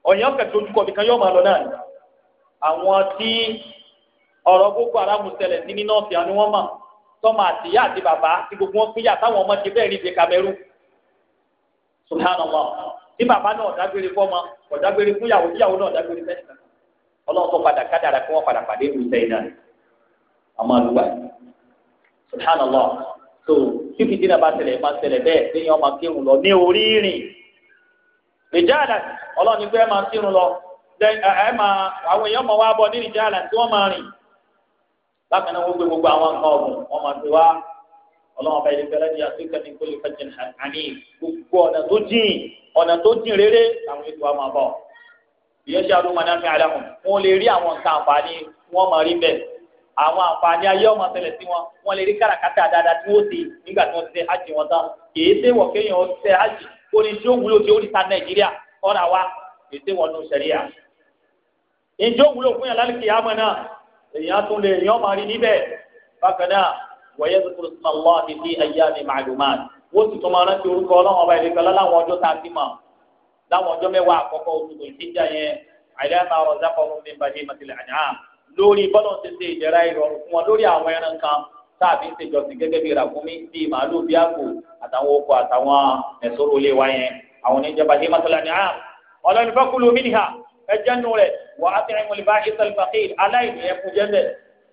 ọ̀yàn kẹ̀kẹ́ ojúkọ̀ nìkan yóò máa lọ náà ni àwọn tí ọ̀rọ̀ Boko Haram ṣẹlẹ̀ sí ní nọ́ọ̀sì àni wọ́n mọ̀ tọ́mọ àtìyá àti bàbá tí gbogbo wọn pínyà táwọn ọmọ ti bẹ́ẹ̀ rí ibi Kamẹ́rù subhanallah tí bàbá náà dágbére fọ́mọ ọ̀dágbére fúnyàwó tíyàwó náà dágbére fẹ́ ọlọ́run tó padà kádàrà kí wọ́n padà pàdé ìlú sẹ́yìn náà àmọ́ àlùwà subhanallah tó rìjáàlà ọlọ́ọ̀ni pé ẹ máa sírun lọ ẹ máa àwọn èèyàn máa wá bọ ní rìjáàlà tí wọ́n máa rìn bákan náà wọ́n gbé gbogbo àwọn nǹkan ọ̀gùn wọ́n máa gbé wá ọlọ́wọ́n bá yẹn fẹ́rẹ́ ní àfíríkà ní kó lè fẹ́ jẹ àní gbogbo ọ̀nà tó jìn ọ̀nà tó jìn rere àwọn ètò wa máa bọ̀ ìyẹn ṣe àdúgbò náà fi àdá wọn wọn lè rí àwọn nǹkan àǹfààní wọn máa rí bẹ́ẹ̀ àwọn àǹfààní ayé ọmọ ṣẹlẹ̀ sí wọn wọn lè rí káràkátà dáadáa tí wọ́n ti nígbà tí wọ́n ti ṣe àjì wọn tán kì í ṣe wọ̀ kéèyàn ṣe àjì orin tí ó wúlò tí ó rí ta nàìjíríà ọ̀rà wa ètè wọnú sẹ̀ríà. ìjọ wúlò fún yàrá lẹ́kìá mọ́ náà èèyàn tún lè èèyàn máa rí níbẹ̀ bákan náà wọ̀nyẹ́ tuntun sùnmọ́ lọ́wọ́ àti bí ayé àmì màlúmáà wọ́n sì tún máa rántí orúkọ ọlọ́run ọba ìlẹ́kọ̀ọ́ láwọn ọjọ́ tá a ti mọ̀ láwọn ọjọ́ mẹ́wàá àkọ́kọ́ oṣù tó ìdíjà yẹn àìlẹ́mà ọ̀rọ̀ zákọ̀ọ́ sáàbí ń ṣèjọsìn gẹ́gẹ́ bí ràkúnmí bíi màálù bíi àgbò àtàwọn oko àtàwọn ẹ̀sọ́rọ̀ ilé wa yẹn àwọn oníjọba dé mọ́tàlá ni àm ọlọ́ni fakulu minha ẹjẹ́ nù rẹ̀ wà á tẹ̀rẹ̀ mọ̀lẹ́bá isal fakir aláìní ẹ̀kú jẹ́bẹ̀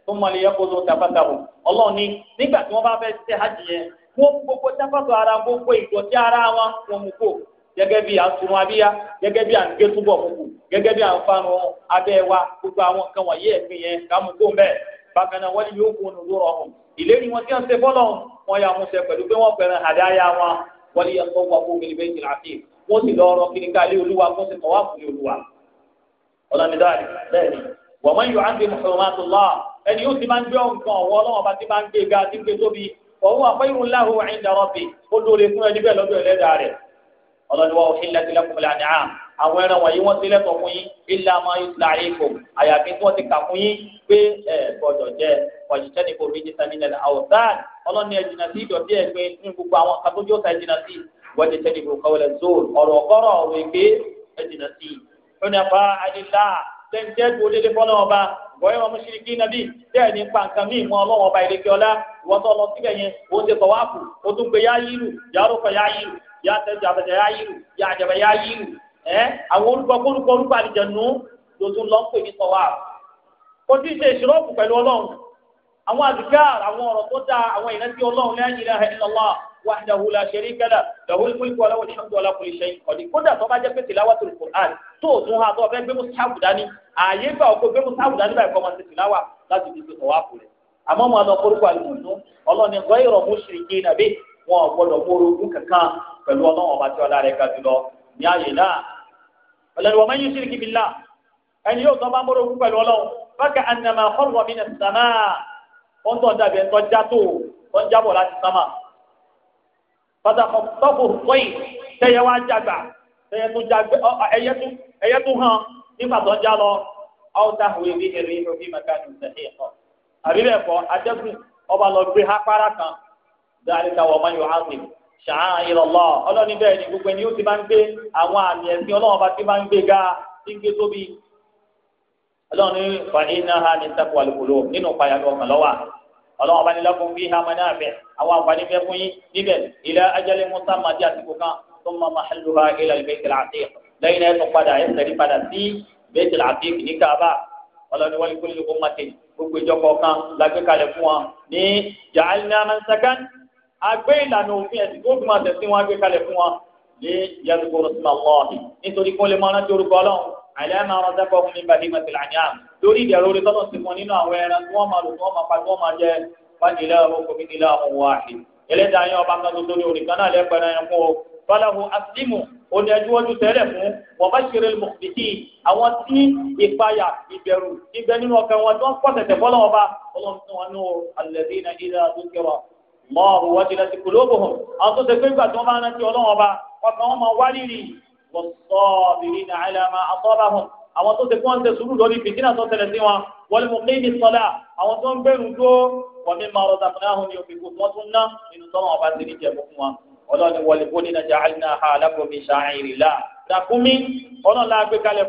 tó mọ̀lẹ́ yẹ kóso tabatabu ọlọ́ni nígbà tí wọ́n bá fẹ́ ṣe hajj yẹn wọ́n gbogbo tabatu ara gbogbo ìdọ̀tí ara wọn wọn mú kó gẹ́gẹ́ bí àtúnwá bíyá gẹ́gẹ́ bí àǹgẹ́túbọ̀ mú gẹ́gẹ́ bí àǹfààní abẹ́ wa gbogbo àwọn kan wọ̀nyí ẹ̀gbìn yẹn kà mú kó mbẹ́ bákan náà wọ́n yóò kó nu lóra ọ̀hún ìlérí wọn tí wọn ṣe fọlọ wọn yà wọn ṣe pẹ̀lú pé wọn fẹ́ràn àdáyà wọn wọlé ẹkọ wà fún mi bẹ́ẹ̀ jìnnà àti wọn sì lọ ọ̀rọ̀ kiri ká lé olúwa wọn sì kọ wá fún olúwa ọlọmọdéwàlì bẹ́ẹ̀ ni wọn wọn yóò àgbẹ mọsánmọtòlá ẹni yóò ti máa ń gbé nǹkan ọwọ́ Ọlọ́run bá ti máa ń gbé ga ti gbé tóbi ọwọ́ àpẹyìrún láhù ẹ̀yìn dàrọbì ó lóore fún ẹni bẹ́ẹ̀ lọ́dọ̀ ẹlẹ́dàá rẹ̀ ọlọmọdéwàlì àwọn ẹran wọ̀nyí wọ́n ti lẹ́tọ̀ọ́ fún yín ilé àmọ́ ìlà èkó àyàfi tí wọ́n ti kà fún yín pé ẹ gbọ́dọ̀ jẹ ọ̀ṣiṣẹ́ ní kò méjì sani lẹ́nu àwòsàn ọlọ́ni ẹ̀jìnà sí ìdọ̀tí ẹ̀gbẹ́ ní gbogbo àwọn nǹkan tó ta ẹ̀jìnà sí wọ́dẹ tẹ́lẹ̀ ìbò kọ́wẹ́lẹ̀ zoro ọ̀rọ̀ kọ́rọ̀ ọ̀rọ̀ èké ẹ̀jìnà sí ọ̀nàfà bọ́yọ̀ wọn mọ̀ṣíríkì nàbí bẹ́ẹ̀ ni pàǹkà míì mọ́ ọlọ́wọ́n ọba ìrèké ọlá ìwọ́n tó lọ síbẹ̀ yẹn ó ti kọ̀ wáàpù ó tún gbé yá yàrá òkò yá yílù yá tẹ́jà àbẹ̀jẹ̀ yá ẹ àwọn orúkọ kórúkọ orúkọ àlìjẹnu ló tún lọ ń pè ní sọwá kò tí ì ṣe ìṣòrọ́pù pẹ̀lú ọlọ́run àwọn àdìgáàr àwọn ọ̀rọ̀ tó dáa àwọn ìrántí ọlọ́run lẹ́yìn ilẹ̀ wa shay'in qadir kódà tó bá pé o tún ha tó o fẹ́ gbé dání ààyè gbà ọkọ dání báyìí tìláwà láti fi mo àná ọlọ́run wọ́n máa ń yí sírìkì bìlá ẹni yóò tọ́ bá mọ́rọ̀ òkú pẹ̀lú ọlọ́run bákan anamá ọ̀rọ̀ mi náà sàmà wọ́n tọ́ dàbí ẹ̀ńtọ́ já tó wọ́n jábọ̀ láti sàmà. pàtàkì tọ́kù wọ́yì tẹ́yẹ wá jàgbà tẹ́yẹ tó jàgbẹ́ ẹyẹ tó hàn nígbà tó ń já lọ ọ̀tá hùwé bí ẹ̀rí ìròbí màkàdùn sẹ́yìn kọ́ àbí bẹ́ẹ̀ kọ́ sha'air Allah ọlọ́ni bẹ́ẹ̀ ni gbogbo ẹni yóò ti máa ń gbé àwọn àmì ẹ̀sìn ọlọ́run bá ti máa ń gbé ga tí ń gbé tóbi ọlọ́ni fa innaha min taqwal qulub nínú payàgọ́ kan lọ́wọ́ ọlọ́run bá ní lakum fiha manafi' àwọn àǹfààní bẹ́ẹ̀ fún yín níbẹ̀ ila ajalin musamma di àsìkò kan thumma mahalluha ila al-bayt al-atiq àgbé ìlànà òfin ẹ̀sìn tó dùn àtẹ̀sìn wọn àgbé kalẹ̀ fún wọn lé yàtúkọ rọ̀sùmá lọ́ọ̀hìn nítorí kí wọ́n lè máa rántí orúkọ ọlọ́run àìlẹ́ máa rántí ẹ̀kọ́ fún mi bàdí ìmọ̀ tìlà ní àmì lórí ìdẹ̀rọ orí tọ́nà sí fún nínú àwọn ẹran tí wọ́n máa lò tí wọ́n máa pa tí wọ́n máa jẹ fájìlẹ̀ ọkọ̀ mi nílẹ̀ ọmọ wa àṣì ẹlẹ́dàá yẹn ọba kan tuntun ní orí kan náà lẹ́gbẹ̀rẹ̀ yẹn fún o falahu aslimu òní ẹjú tẹ́lẹ̀ fún wa bashiril muqsitin àwọn tí ìpayà ìbẹ̀rù ìbẹ̀ nínú ọkàn wọn tí wọ́n pọ̀ tẹ̀tẹ̀ fọ́lọ́wọ́ bá ọlọ́run tí wọ́n nù alladhina idha dhukira mọ́ òwò ti lọ́ti kulubuhum àwọn tó ṣe pé ìgbà tí wọ́n máa rántí ọlọ́run ọba ọkàn wọn máa wá rírì was-sabirina ala ma asabahum àwọn tó ṣe pé wọ́n ń ṣe sùúrù lórí fìtínà tó ṣẹlẹ̀ sí wọn wal muqimis salah àwọn tó ń bẹ̀rù tó wọ́n mi máa rọ̀ta fún ahùn ní òfìkú wọ́n tún ná nínú tọ́wọ́n ọba ti ní jẹ̀bú fún wọn ọlọ́ni wọlé kó nínú ja'alna ha alákòmí sha'airillah dàkúmí ọlọ́run la gbé kalẹ̀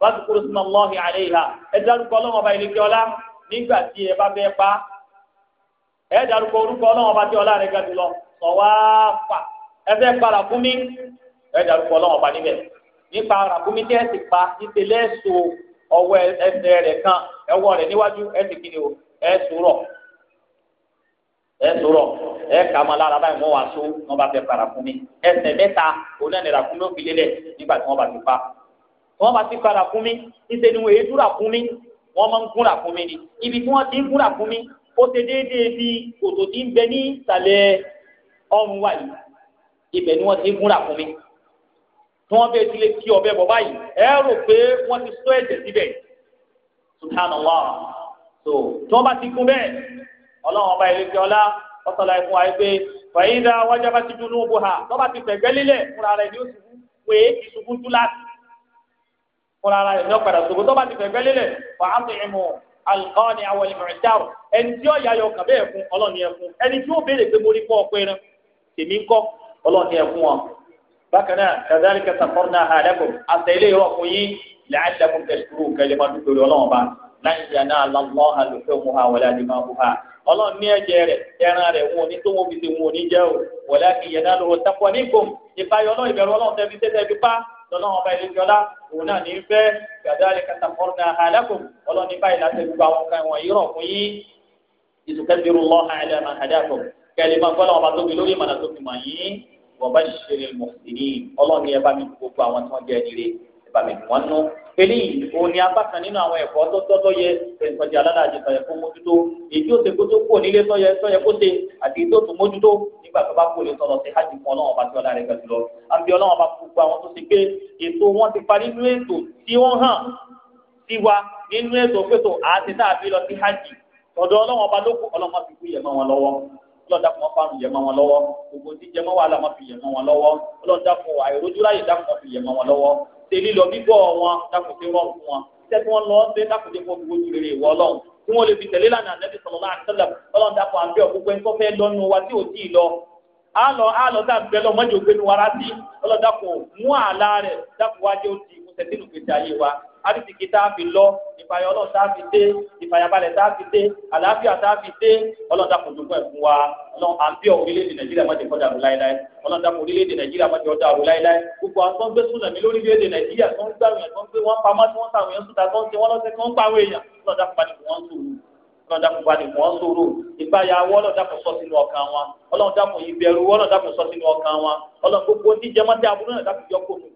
wàá kúrò sínú ọlọ́ọ̀hìn àlẹ́ ìhà ẹ dárúkọ ọlọ́wọ́n ọba ilé kíọ́lá nígbà tí ẹ bá fẹ́ pa ẹ dárúkọ orúkọ ọlọ́wọ́n ọba tí ọlá rẹ̀ ga jùlọ sọ̀wáfà ẹ fẹ́ pa ràkúmí ẹ dárúkọ ọlọ́wọ́n ọba níbẹ̀ nípa ràkúmí tẹ́ ẹ ti pa níṣẹ́ lẹ́ẹ̀sọ ọwọ́ ẹsẹ̀ rẹ̀ kan ẹwọ́ rẹ̀ níwájú ẹ ti kiri o ẹ sùúrọ̀ ẹ sọ̀rọ̀ ẹ kà máa lára báyìí wọn wá so wọn bá fẹ́ para fún mi ẹsẹ̀ mẹ́ta onáni ràkúnmí òfin lélẹ̀ nígbà tí wọn bá ti pa wọ́n bá ti padà fún mi níṣẹ́ ni wọ́n èé dúrà fún mi wọ́n máa ń gúnra fún mi ni ibi tí wọ́n ti ń gúnra fún mi ó ṣe déédéé bí kòtò tí ń bẹ ní ìsàlẹ̀ ọrùn wa yìí ibẹ̀ ni wọ́n ti ń gúnra fún mi tí wọ́n bẹ ti lè kí ọbẹ̀ bọ̀ báyìí ẹ rò pé wọ́n ti sọ ẹ̀jẹ̀ síbẹ̀ subhanallah so tí wọ́n bá ti gún bẹ́ẹ̀ ọlọ́run ọba ìrèké ọlá ọ̀sán láì wa pé fàyídà wájà bá ti dunu bò ha tọ́ ti fẹ̀gbẹ́ lílẹ̀ fúnra rẹ̀ ni ó ti wé ìṣubú tú fúnra ara rẹ̀ ní ọ̀padà ṣògbó tó bá ti fẹ̀gbẹ́ lélẹ̀ wà á tẹ̀yìn mọ́ alùpàwọn ni àwọn ẹlẹ́mọ̀ ẹ̀dá o ẹni tí ó yà yọ kàn bẹ́ẹ̀ fún ọlọ́ni ẹ̀fún ẹni tí ó béèrè pé mo rí fún tèmi ń kọ́ ọlọ́ni ẹ̀fún wọn. bákan náà kàdáàlì kẹta fọ́nà àlẹ́kùn àtẹ̀lé ìrọ̀ fún yín làálẹ̀kùn tẹ̀síkúrú kẹlẹ́ máa dúpẹ́ ọlọ́run bá láyé ìyànà àlọ́ àlùfẹ́ mu ha wọlé àdìmọ́ ọlọ́run ní ẹ̀jẹ̀ rẹ̀ ẹran rẹ̀ wọn ò ní tó wọn fi ṣe wọn ò ní jẹ́ o wọlé àkìyẹ̀ náà lọ́wọ́ tapọ̀ nígbòm ìfayọ̀ ọlọ́run ìbẹ̀rù ọlọ́run fi pa lọ́lọ́wọ́n bá ilé jọlá òun náà ní fẹ́ gàdáàlì kàtà fọ́nà alákùn ọlọ́ni báyìí láti gbogbo àwọn kan wọ̀nyí rọ̀ fún yín ìtùkẹ́bìrú lọ́hà ẹlẹ́mà àdàkùn kẹ́lẹ́ máa gbọ́dọ̀ ọba tóbi lórí ìmọ̀nà tó fi mọ̀ yín wọ́n bá ṣe ṣe ní mọ̀sídìní ọlọ́ni ẹ bá mi gbogbo àwọn tí wọ́n jẹ́ ẹni rè bàmí wọn nú eléyìí òun ni apá kan nínú àwọn ẹ̀kọ́ tó tọ́ tó yẹ ìsọjí aládàájì tó yẹ kó mójútó èyí ó ṣe kó tó kó nílé tó yẹ tó yẹ kó ṣe àti tó tó mójútó nígbà tó bá kó lè sọ̀rọ̀ sí hajj fún ọlọ́run ọba tí ọlá rẹ̀ gbẹ̀dù lọ àbí ọlọ́run ọba gbogbo àwọn tó ṣe pé ètò wọn ti parí nínú ètò tí wọ́n hàn sí wa nínú ètò pẹ̀tò àti tàbí lọ sí hajj tọ̀dọ̀ ọlọ́run ọba ló kú ọlọ́run ti kú yẹ̀ mọ́ wọn lọ́wọ́ ọlọ́dà fún wọn fárùn yẹ̀ mọ́ wọn lọ́wọ́ gbogbo tí jẹ́ mọ́ wàhálà máa fi yẹ̀ mọ́ wọn lọ́wọ́ ọlọ́dà fún àìrójúláyè dá wọn fi yẹ̀ mọ́ wọn lọ́wọ́ ṣe lílọ bíbọ̀ wọn dákùnṣe rọ̀ fún wọn iṣẹ́ tí wọ́n lọ ṣe dákùnṣe fún gbogbo ju rere ìwọ ọlọ́run tí wọ́n lè fi tẹ̀lé lánàá nẹ́bí sọ̀rọ̀ láàrin sẹ́lẹ̀ ọlọ́run dákùn àbẹ́ ọ̀gbọ́gbọ́ ẹni tó lọ́nu wa tí ò tí ì lọ àlọ́ àlọ́ tá à ń bẹ lọ mọ́jọ́ gbénu wa rá sí ọlọ́dàkùn mú àlá rẹ̀ dákùn wájú ó di ìmúṣẹ sínú gbèsè àrísìkí tá a fi lọ ìfàyà ọlọ́run tá a fi dé ìfàyàbalẹ̀ tá a fi dé àlàáfíà tá a fi dé ọlọ́run dàpọ̀ dùnkún ẹ̀ fún wa ọlọ́run àbí orílẹ̀-èdè nàìjíríà má ti kọ́ dàrú láéláé ọlọ́run dàpọ̀ orílẹ̀-èdè nàìjíríà má ti kọ́ dàrú láéláé gbogbo àwọn tó ń gbé súnà mí lórílẹ̀-èdè nàìjíríà tó ń gbàwìn tó ń gbé wọn pamọ́ tí wọ́n tàwọn èèyàn sùtà tó ń ṣe wọ́n lọ́sẹ̀ tó ń pàwọ̀ èèyàn ọlọ́run dàpọ̀ pàdé wọn sùúrù ọlọ́dàkùn bá nìkan wọn sòrò ìbáyà wọ ọlọ́dàkùn sọ sínú ọkàn wọn ọlọ́dàkùn ìbẹ̀rù wọ ọlọ́dàkùn sọ sínú ọkàn wọn ọlọ́dàkùn gbogbo oníjẹmọ́tẹ́ aburú náà dàkùn yọ kó nù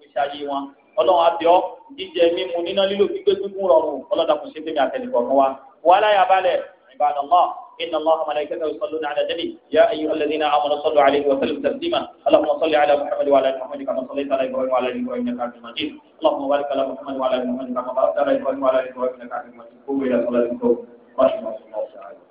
wọn ọlọ́run àbíọ́ jíjẹ mímu níná lílo gbígbé gbígbó rọrùn ọlọ́dà kò ṣe fẹ́mi àtẹnìkọ̀ fún wa wàhálà yà balẹ̀ ìbàdànlá إن الله وملائكته يصلون على النبي يا أيها الذين آمنوا صلوا عليه وسلموا تسليما اللهم صل على محمد وعلى آل محمد كما صليت على إبراهيم وعلى آل إبراهيم إنك حميد مجيد اللهم بارك على محمد وعلى آل محمد كما باركت على إبراهيم وعلى آل إبراهيم إنك حميد مجيد قوموا إلى صلاتكم رحمة الله تعالى